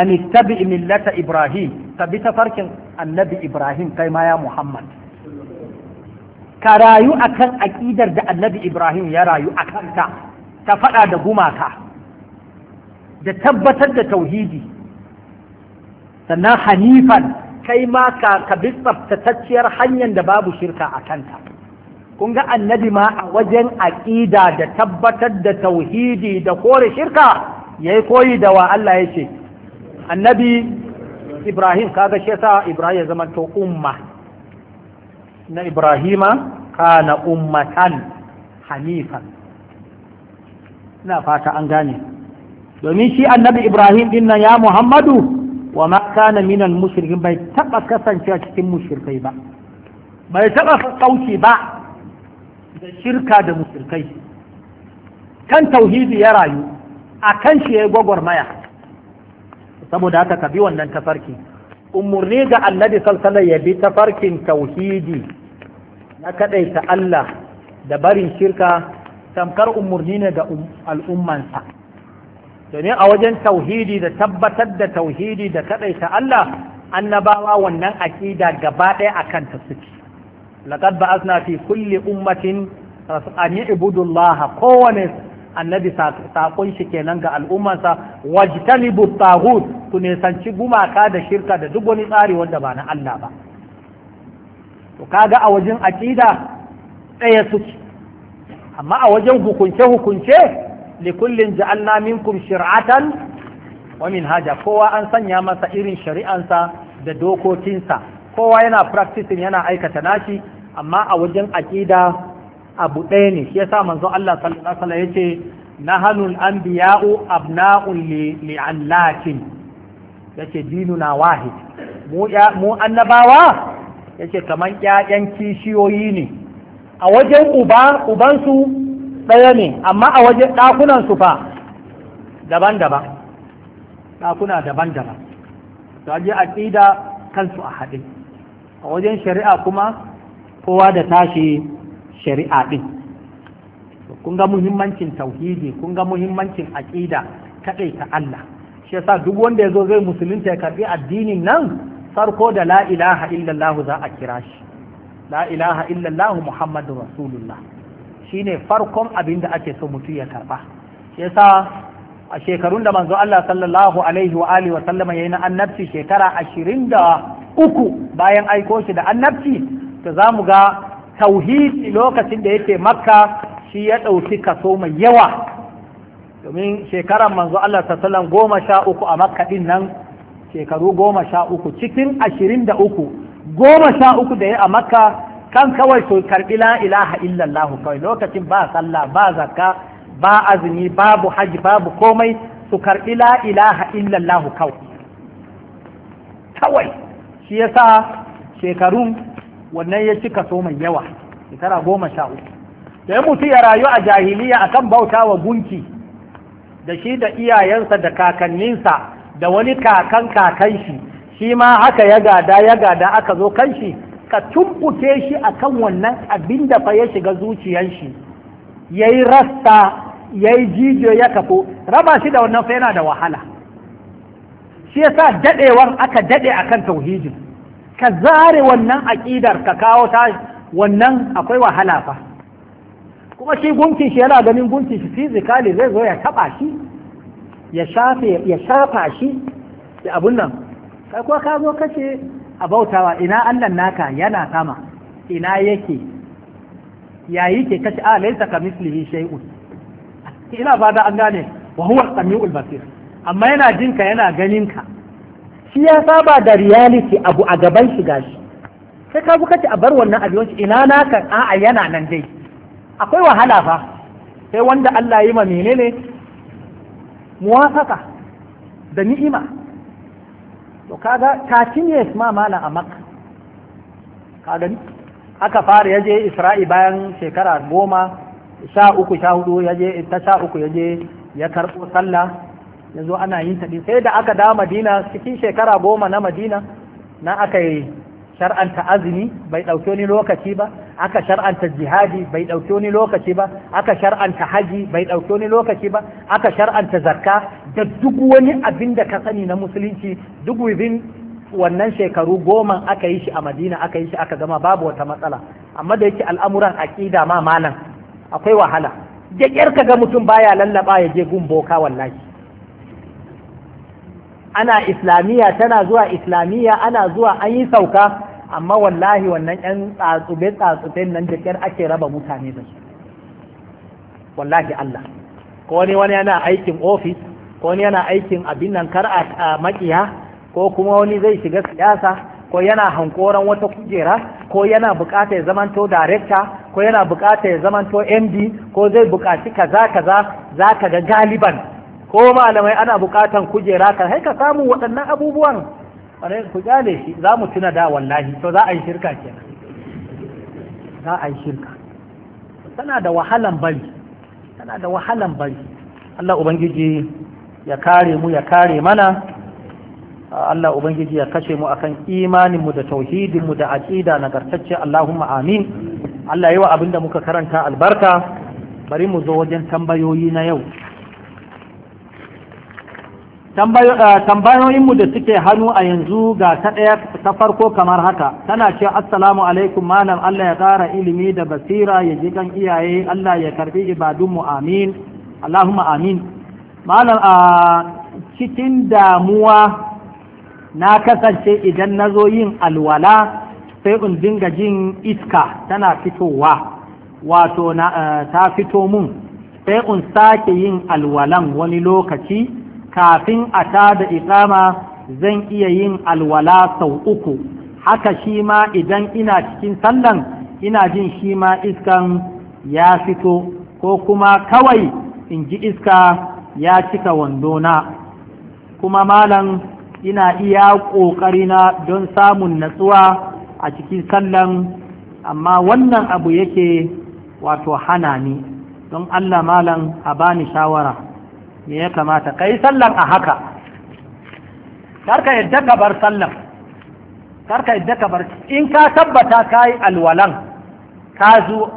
an ittabi millata ibrahim ka bi tafarkin annabi ibrahim kai ma ya muhammad ka rayu akan aƙidar da annabi ibrahim ya rayu a kanta ta faɗa da gumaka da tabbatar da tauhidi sannan hanifan kai ma ka bi tsaftatacciyar hanyar da babu shirka a kanta kun ga annabi ma a wajen aƙida da tabbatar da tauhidi da kore shirka ya yi koyi da wa Allah ya ce annabi ibrahim kaga shi yasa ibrahim ya zama to umma na ibrahima kana ummatan hanifan ina fata an gane domin shi annabi ibrahim din nan ya muhammadu wa ma kana minal mushrikin bai taba kasance cikin mushrikai ba bai taba sauki ba da shirka da mushrikai kan tauhidi ya rayu a kan shi ya yi gwagwarmaya saboda haka ka bi wannan tafarki umurni ga annabi sallallahu ya bi tafarkin tauhidi na kadaita Allah da barin shirka tamkar umurni ne ga um, al'ummansa domin a wajen tauhidi da tabbatar da tauhidi da kadaita Allah annabawa wannan aqida gaba ɗaya akan ta suke laqad ba'athna fi kulli ummatin an ibudu Allah kowane annabi saƙon shi kenan ga al'ummarsa wajtanibu taghut ku nisanci gumaka da shirka da duk wani tsari wanda ba na Allah ba to kaga a wajen aqida ɗaya suke amma a wajen hukunce hukunce likullin ja'alna minkum shir'atan wa minhaja kowa an sanya masa irin shari'ansa da dokokinsa kowa yana practicing yana aikata nashi amma a wajen aƙida. abu ɗaya ne shi yasa manzo Allah sallallahu alaihi wasallam yace nahalul anbiya'u abna'un li li'allatin yace dinuna wahid mu mu annabawa yace kaman ƴaƴan kishiyoyi ne a wajen uba uban su ɗaya ne amma a wajen ɗakunan su fa daban-daban ɗakuna daban-daban to aje aqida kansu a haɗe a wajen shari'a kuma kowa da tashi shari'a din kun ga muhimmancin tauhidi kun ga muhimmancin aƙida kadai ta Allah shi yasa duk wanda ya zo zai musulunta ya karbi addinin nan farko da la ilaha illallah za a kira shi la ilaha illallah muhammadur rasulullah shine farkon abin da ake so mutu ya karba shi yasa a shekarun da manzo Allah sallallahu alaihi wa alihi wa sallama yayin na annabci shekara 23 bayan aiko shi da annabci to zamu ga tauhidi lokacin da yake makka shi ya ɗauki kaso mai yawa domin shekarar manzo Allah sallallahu goma sha uku a makka ɗin nan shekaru goma sha uku cikin ashirin da uku goma sha uku da ya a makka kan kawai to karɓi la ilaha illallah kawai lokacin ba sallah ba zakka ba azumi babu haji, babu komai su karɓi la ilaha illallah kawai kawai shi yasa shekarun wannan ya ci kaso mai yawa shekara goma sha uku da ya mutu ya rayu a jahiliya akan bauta wa gunki da shi da iyayensa da kakanninsa da wani kakan kakan shi shi ma haka ya gada ya gada aka zo kan shi ka tumbuke shi akan wannan abin da fa ya shiga zuciyar shi ya yi rasta ya yi jijiyo ya kafo raba shi da wannan fa yana da wahala shi yasa daɗewar aka daɗe akan tauhidin ka zare wannan aƙidar ka kawo ta wannan akwai wahala fa kuma shi gunkin shi yana ganin gunkin shi fizikali zai zo ya taɓa shi ya shafa shi da abun nan kai kuwa ka zo kace a bautawa ina Allah naka yana sama ina yake ya ke kace a laisa ka mislihi shay'un ina ba da an gane wa huwa samiul basir amma yana jinka yana ganinka shi ya saba da reality abu a gaban shi gashi sai ka buka ci a bar wannan abin ina naka a'a yana nan dai akwai wahala fa sai wanda Allah yi ma menene muwafaka da ni'ima to kaga ta cinye ma mala a makka kaga aka fara yaje isra'i bayan shekara goma sha uku sha hudu yaje ta sha uku yaje ya karɓo sallah yanzu ana yin ta sai da aka da madina cikin shekara goma na madina na aka yi shar'anta azumi bai ɗauki ni lokaci ba aka shar'anta jihadi bai ɗauki wani lokaci ba aka shar'anta haji bai ɗauki wani lokaci ba aka shar'anta zakka da duk wani abin da ka sani na musulunci duk within wannan shekaru goma aka yi shi a madina aka yi shi aka gama babu wata matsala amma da yake al'amuran aƙida ma malam akwai wahala da ka ga mutum baya lallaba ya je gun boka wallahi ana islamiyya tana zuwa islamiyya ana zuwa an yi sauka amma wallahi wannan yan tsatsube tsatsube nan da kyar ake raba mutane da su wallahi Allah ko wani wani yana aikin ofis ko wani yana aikin abin nan kar a makiya ko kuma wani zai shiga siyasa ko yana hankoran wata kujera ko yana bukata ya zamanto darekta ko yana bukata ya zamanto md ko zai bukaci kaza kaza zaka ga galiban ko malamai ana bukatan kujera kan haika samu waɗannan abubuwan ƙwarai ku gane shi za mu tuna da wallahi to za a yi shirka kenan za a yi shirka tana da wahalan bari tana da wahalan bari Allah ubangiji ya kare mu ya kare mana Allah ubangiji ya kashe mu akan imanin mu da tauhidin mu da aqida nagartacce Allahumma amin Allah yi wa abinda muka karanta albarka bari mu zo wajen tambayoyi na yau Eh, tambayoyinmu da suke hannu a yanzu ga ta ɗaya ta farko kamar haka tana ce assalamu alaikum malam Allah ya ƙara ilimi da basira ya ji kan iyaye Allah ya karbi ibadunmu amin Allahumma amin malam a cikin damuwa na kasance idan na zo yin alwala sai in dinga jin iska tana fitowa wato eh, ta fito mun sai in sake yin alwalan wani lokaci kafin a ta da iqama zan iya yin alwala sau uku haka shi ma idan ina cikin sallan ina jin shi ma iskan ya fito ko kuma kawai in ji iska ya cika wandona kuma malam ina iya ƙoƙarina don samun natsuwa a cikin sallan amma wannan abu yake wato hana ni don allah malam a bani shawara me ya kamata ka yi sallan a haka karka yadda ka bar sallan karka yadda ka bar in ka tabbata ka yi alwalan ka zo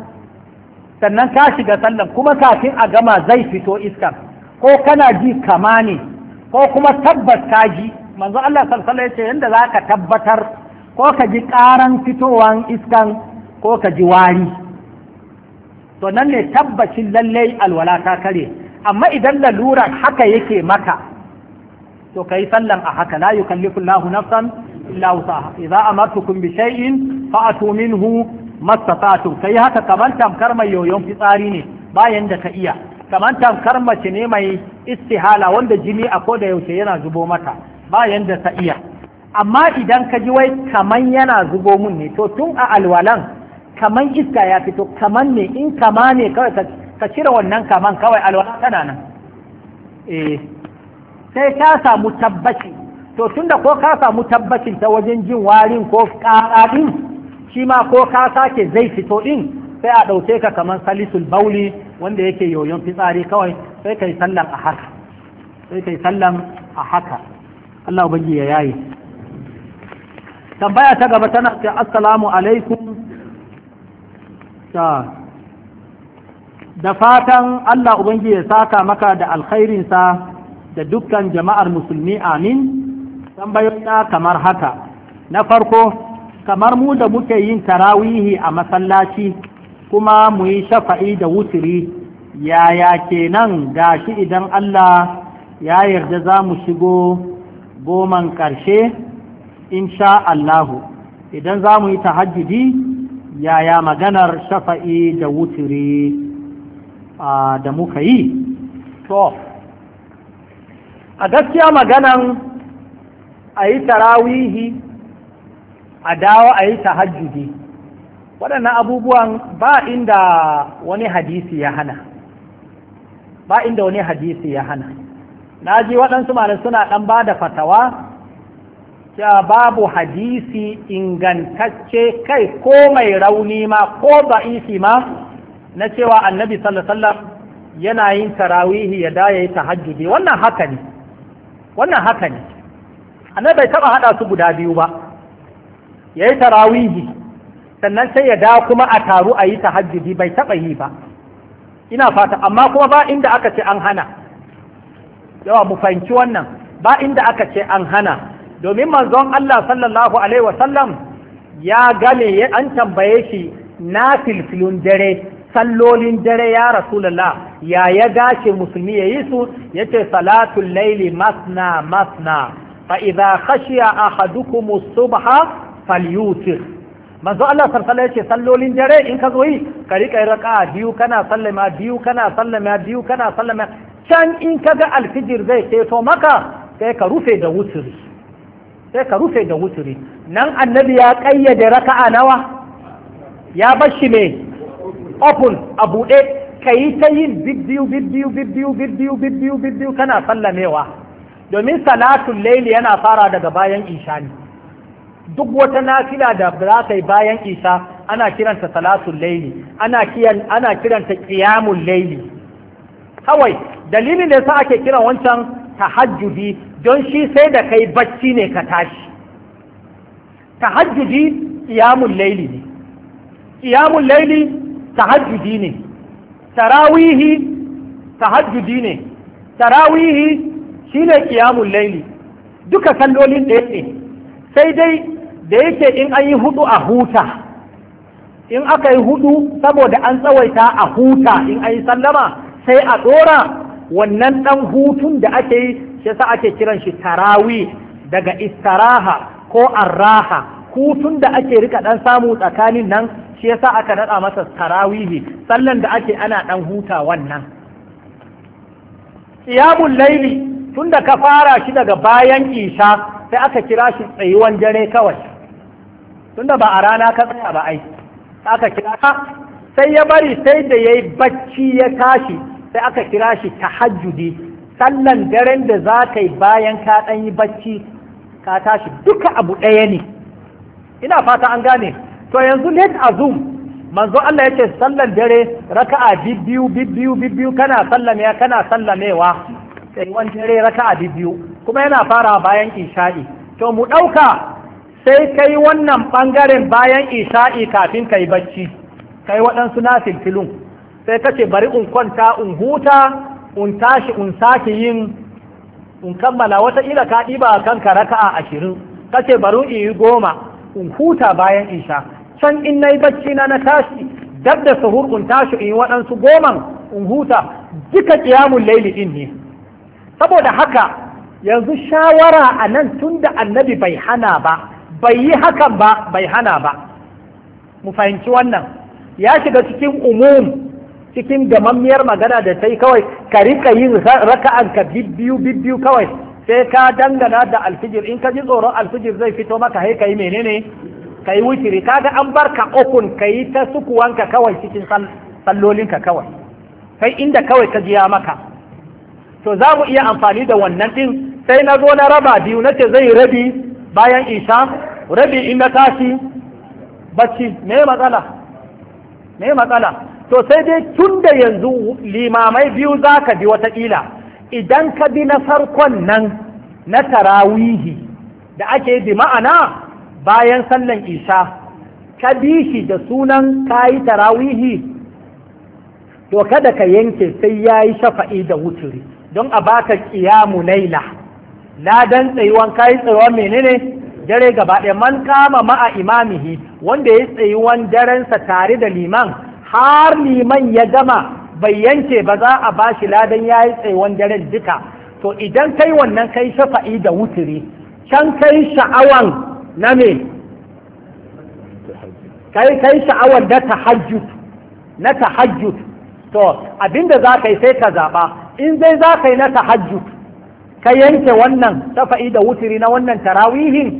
sannan ka shiga sallan kuma kafin a gama zai fito iskar ko kana ji kama ne ko kuma tabbas ka ji manzo Allah sallallahu ce yadda za ka tabbatar ko ka ji ƙaran fitowan iskan ko ka ji wari to nan ne tabbacin lallai alwala ta kare amma idan lalurar haka yake maka to kai sallan a haka la yukallifu Allahu nafsan illa wusaha idza amartukum bi shay'in fa'atu minhu mastata'tum kai haka kamar tamkar mai yoyon fitsari ne bayan da ka iya kamar tamkar mace ne mai istihala wanda jini a koda yaushe yana zubo mata bayan da ta iya amma idan ka ji wai kaman yana zubo mun ne to tun a alwalan kaman iska ya fito kaman ne in kama ne kawai ka cire wannan kaman kawai alwala tana nan eh sai ka samu tabbaci to tunda ko ka samu tabbacin ta wajen jin warin ko ƙara din shi ma ko ka sake zai fito din sai a ɗauke ka kaman salisul bauli wanda yake yoyon fitsari kawai sai kai sallan a haka sai kai sallan a haka Allah ubangi ya yayi tambaya ta gaba tana ce assalamu alaikum ta da fatan Allah Ubangiji ya saka maka da alkhairinsa da dukkan jama'ar musulmi amin tambayoyi kamar haka na farko kamar mu da muke yin tarawihi a masallaci kuma mu yi shafa'i da wuturi yaya kenan gashi idan Allah ya yarda za mu shigo goman ƙarshe insha Allahu idan za mu yi tahajjudi yaya maganar shafa'i da wuturi da muka yi to a gaskiya maganan a yi tarawihi a dawo a yi tahajjudi waɗannan abubuwan ba inda wani hadisi ya hana ba inda wani hadisi ya hana na ji waɗansu mana suna ɗan ba da fatawa ya babu hadisi ingantacce kai ko mai rauni ma ko ba'isi ma na cewa annabi sallallahu alaihi yana yin tarawihi ya da yayi tahajjudi wannan haka ne wannan haka ne annabi bai taba hada su guda biyu ba yayi tarawihi sannan sai ya da kuma a taru a yi tahajjudi bai taba yi ba ina fata amma kuma ba inda aka ce an hana yawa mu fahimci wannan ba inda aka ce an hana domin manzon Allah sallallahu alaihi wasallam ya game an tambaye shi na filfilun dare sallolin dare ya rasulullah ya ya dace musulmi ya yi su ya ce salatul laili masna masna fa idza khashiya ahadukum subha falyutir manzo Allah sarsala ya ce sallolin dare in ka zo yi ka rika raka biyu kana sallama biyu kana sallama biyu kana sallama can in ka ga alfijir zai ceto maka sai ka rufe da wuturi sai ka rufe da wuturi nan annabi ya kayyade raka'a nawa ya bashi me open a buɗe ka yi ta yin bidiyu bidiyu bidiyu bidiyu bidiyu bidiyu kana sallamewa domin salatun laili yana fara daga bayan isha ne duk wata nafila da za ka yi bayan isha ana kiranta salatun laili ana kiranta ƙiyamun laili kawai dalilin da sa ake kiran wancan tahajjudi don shi sai da kai bacci ne ka tashi tahajjudi ƙiyamun laili ne qiyamul laili tahajjudi ne tarawihi tahajjudi ne tarawihi shine qiyamul laili duka sallolin da yake sai dai da yake in an yi hudu a huta in aka yi hudu saboda an tsawaita a huta in an yi sallama sai a dora wannan dan hutun da ake yi shi yasa ake kiran shi tarawi daga istaraha ko arraha hutun da ake rika dan samu tsakanin nan shi yasa aka naɗa masa tarawihi sallan da ake ana ɗan huta wannan qiyamul laili tunda ka fara shi daga bayan isha sai aka kira shi tsayuwan dare kawai tunda ba a rana ka tsaya ba ai aka kira sai ya bari sai da yayi bacci ya tashi sai aka kira shi tahajjudi sallan daren da za ka yi bayan ka ɗan yi bacci ka tashi duka abu ɗaya ne ina fata an gane to yanzu let azum manzo Allah yace sallan dare raka'a biyu biyu biyu kana sallamewa kana sallamewa sai wani dare raka'a biyu kuma yana fara bayan isha'i to mu ɗauka sai kai wannan ɓangaren bayan isha'i kafin kai bacci kai waɗansu na filfilun sai kace bari in kwanta in huta in tashi in sake yin in kammala wata ila ka ɗiba kanka raka'a ashirin kace bari in yi goma in huta bayan isha can in na yi bacci na na tashi dab da sahur in tashi in yi waɗansu goman in huta duka ƙiyamun laili ɗin ne saboda haka yanzu shawara a nan tun da annabi bai hana ba bai yi hakan ba bai hana ba mu fahimci wannan ya shiga cikin umum cikin gamammiyar magana da ta yi kawai ka rika yin raka'an ka bibbiyu bibbiyu kawai sai ka dangana da alfijir in ka ji tsoron alfijir zai fito maka haika yi menene ka yi wutiri kaga an barka ukun ka yi ta sukuwanka kawai cikin sallolinka kawai sai inda kawai ka jiya maka to za mu iya amfani da wannan din sai na zo na raba biyu na ce zai rabi bayan isha rabi in na tashi bacci me matsala me matsala to sai dai tun da yanzu limamai biyu za ka bi wataƙila idan ka bi na farkon nan na tarawihi da ake bi ma'ana bayan sallan isha ka bi shi da sunan kayi tarawihi to kada ka yanke sai ya yi shafa'i da wuturi don a baka kiyamu laila ladan tsayuwan kayi tsayuwan menene dare gaba ɗaya man kama ma'a imamihi wanda ya tsayuwan darensa tare da liman har liman ya gama bai yanke ba za a bashi ladan ya yi tsayuwan daren duka to idan kai wannan kai shafa'i da wuturi can kai sha'awan na me kai kai sha'awar na tahajjud na tahajjud to abinda za ka yi sai ka zaɓa in zai za ka yi na tahajjud ka yanke wannan ta da wuturi na wannan tarawihin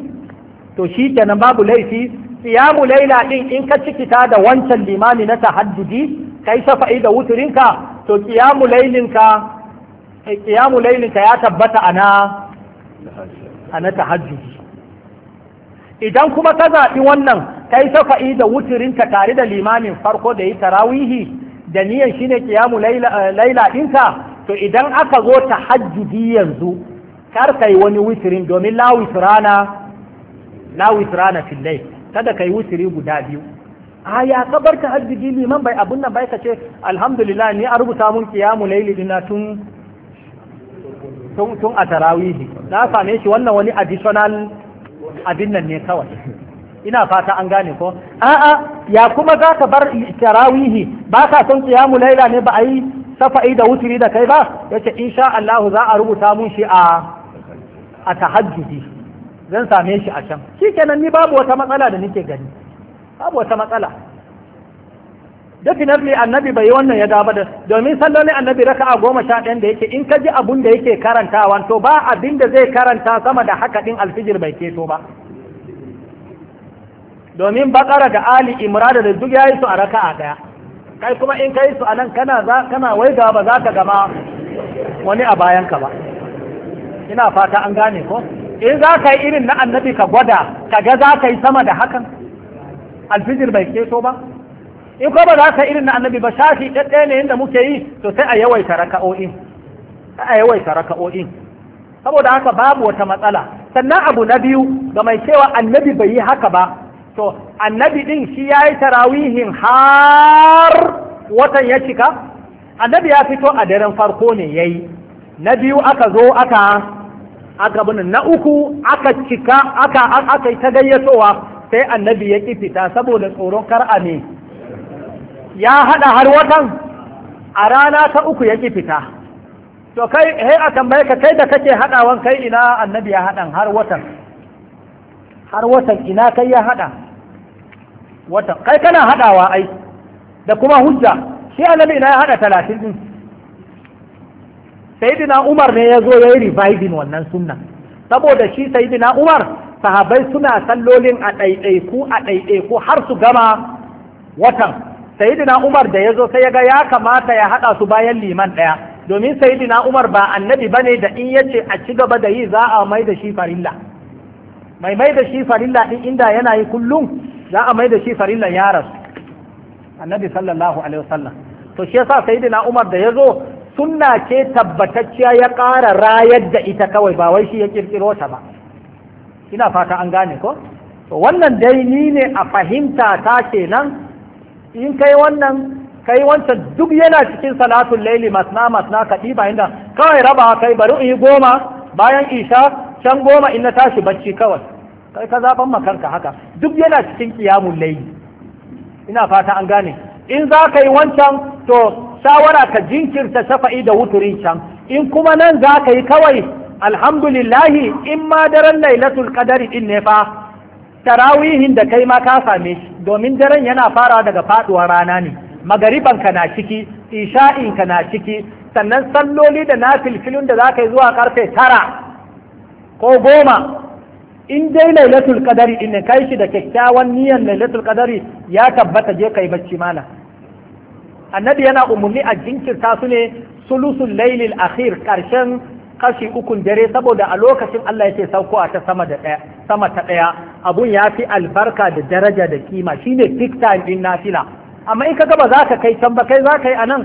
to shi kenan babu laifi siyamu laila din in ka cikita da wancan limami na tahajjudi kai ta da wuturinka, to qiyamu lailinka eh, lailinka ya tabbata a ana tahajjudi idan kuma ka zaɓi wannan kai safa'i da wuturinka tare da limamin farko da yi tarawihi da niyan shine kiyamu eh, laila ɗinka to idan aka zo ta hajjudi yanzu kar ka yi wani wuturin domin la wuturana fillai kada ka yi wuturi guda biyu a ya kabar ta hajjudi liman bai abun nan bai ka ce alhamdulillah ni a rubuta mun kiyamu laili ɗina tun tun a tarawihi na same shi wannan wani additional abin nan ne kawai ina fata an gane ko a'a ya kuma za ka bar tarawihi ba ka son tsiyamu laila ne ba a yi safa'i da wuturi da kai ba Ya in sha Allah za a rubuta mun shi a a tahajjudi zan same shi a can shi kenan ni babu wata matsala da nake gani babu wata matsala definitely annabi bai yi wannan ya daba da domin sallolin annabi raka a goma sha ɗayan da yake in ka ji abin da yake karantawa to ba abin da zai karanta sama da haka ɗin alfijir bai keto ba domin bakara da ali imrada da duk yi su a raka a ɗaya kai kuma in kai su nan kana za kana waiga ba za ka gama wani a bayan ka ba ina fata an gane ko in za ka yi irin na annabi ka gwada ka ga za ka yi sama da hakan alfijir bai keto ba in ko ba za ka irin na annabi ba shafi ɗaɗɗaya ne yadda muke yi to sai a yawaita raka'o'in a yawaita raka'o'in saboda haka babu wata matsala sannan abu na biyu ga mai cewa annabi bai yi haka ba to annabi din shi ya yi tarawihin har watan ya cika annabi ya fito a daren farko ne ya yi na biyu aka zo aka aka bin na uku aka cika aka yi ta gayyatowa sai annabi ya ƙi fita saboda tsoron kar a ne ya haɗa har watan a rana ta uku ya ƙi fita to kai he a tambaye ka kai da kake hadawan kai ina annabi ya hadan har watan har watan ina kai ya haɗa watan kai kana hadawa ai da kuma hujja shi annabi ina ya haɗa talatin din sayyidina umar ne ya zo ya yi reviving wannan sunna saboda shi sayyidina umar sahabai suna sallolin a ɗaiɗaiku a ɗaiɗaiku har su gama watan sayidina umar da ya zo sai ya ga ya kamata ya haɗa su bayan liman ɗaya domin sayidina umar ba annabi bane da in yace a ci gaba da yi za a mai da shi farilla mai mai da shi farilla din inda yana yi kullum za a mai da shi farilla ya rasu annabi sallallahu alaihi wasallam to shi yasa sayidina umar da ya zo sunna ce tabbatacciya ya ƙara rayar da ita kawai ba wai shi ya ƙirƙiro ta ba ina fata an gane ko to wannan dai ni ne a fahimta ta kenan in kai wannan kai wancan duk yana cikin salatun laili masna masna ka ɗiba inda kawai raba kai bari in yi goma bayan isha can goma in na tashi bacci kawai kai ka zaɓan makanka haka duk yana cikin kiyamun laili ina fata an gane in za ka yi wancan to shawara ka jinkirta shafa'i da wuturi can in kuma nan za ka yi kawai alhamdulillahi in ma daren lailatul qadari din ne fa tarawihin da kai ma ka same shi domin daren yana farawa daga faduwar rana ne magaribanka na ciki isha'inka na ciki sannan salloli da na filfilin da za ka yi zuwa karfe tara ko goma in dai lailatul kadari in kai shi da kyakkyawan niyyar lailatul qadari ya tabbata je kai bacci mana annabi yana umarni a jinkirta su ne sulusul lailil akhir karshen kashi ukun dare saboda a lokacin Allah ce saukowa ta sama da ɗaya sama ta ɗaya abun ya fi albarka da daraja da kima shine peak time din nafila amma in kaga ba za ka kai can ba kai za ka yi anan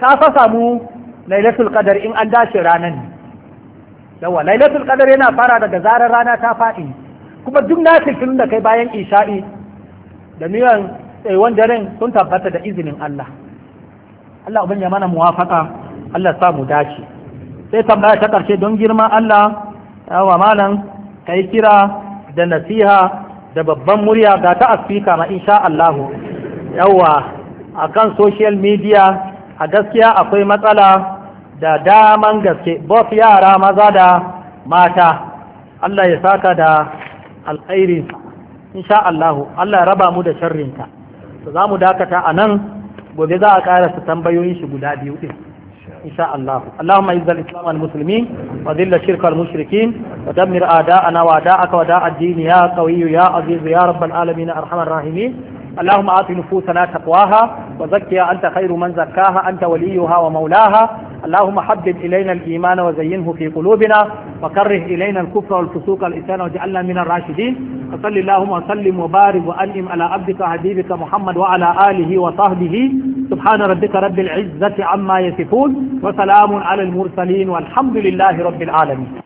ka fa samu lailatul qadar in an dace ranan ne yawa lailatul qadar yana fara daga zarar rana ta faɗi kuma duk nafilin da kai bayan isha'i da niyan tsayuwan daren sun tabbata da izinin Allah Allah ubin ya mana muwafaka Allah sa mu dace sai tambaya ta ƙarshe don girma Allah yawa malam ka yi kira da nasiha da babban murya ga ta asfika ma insha Allahu yawa a kan social media a gaskiya akwai matsala da daman gaske bof yara maza da mata Allah ya saka da alkhairi insha Allahu Allah ya raba mu da sharrinta za mu dakata a nan gobe za a ƙara su tambayoyin shi guda biyu ɗin إن شاء الله اللهم إذا الإسلام المسلمين وذل الشرك المشركين ودمر أعداءنا وأعداءك وأعداء الدين يا قوي يا عزيز يا رب العالمين أرحم الراحمين اللهم آت نفوسنا تقواها وزكها أنت خير من زكاها أنت وليها ومولاها اللهم حبب إلينا الإيمان وزينه في قلوبنا وكره إلينا الكفر والفسوق والإسان واجعلنا من الراشدين فصل اللهم وسلم وبارك وأنعم على عبدك حبيبك محمد وعلى آله وصحبه سبحان ربك رب العزة عما يصفون وسلام على المرسلين والحمد لله رب العالمين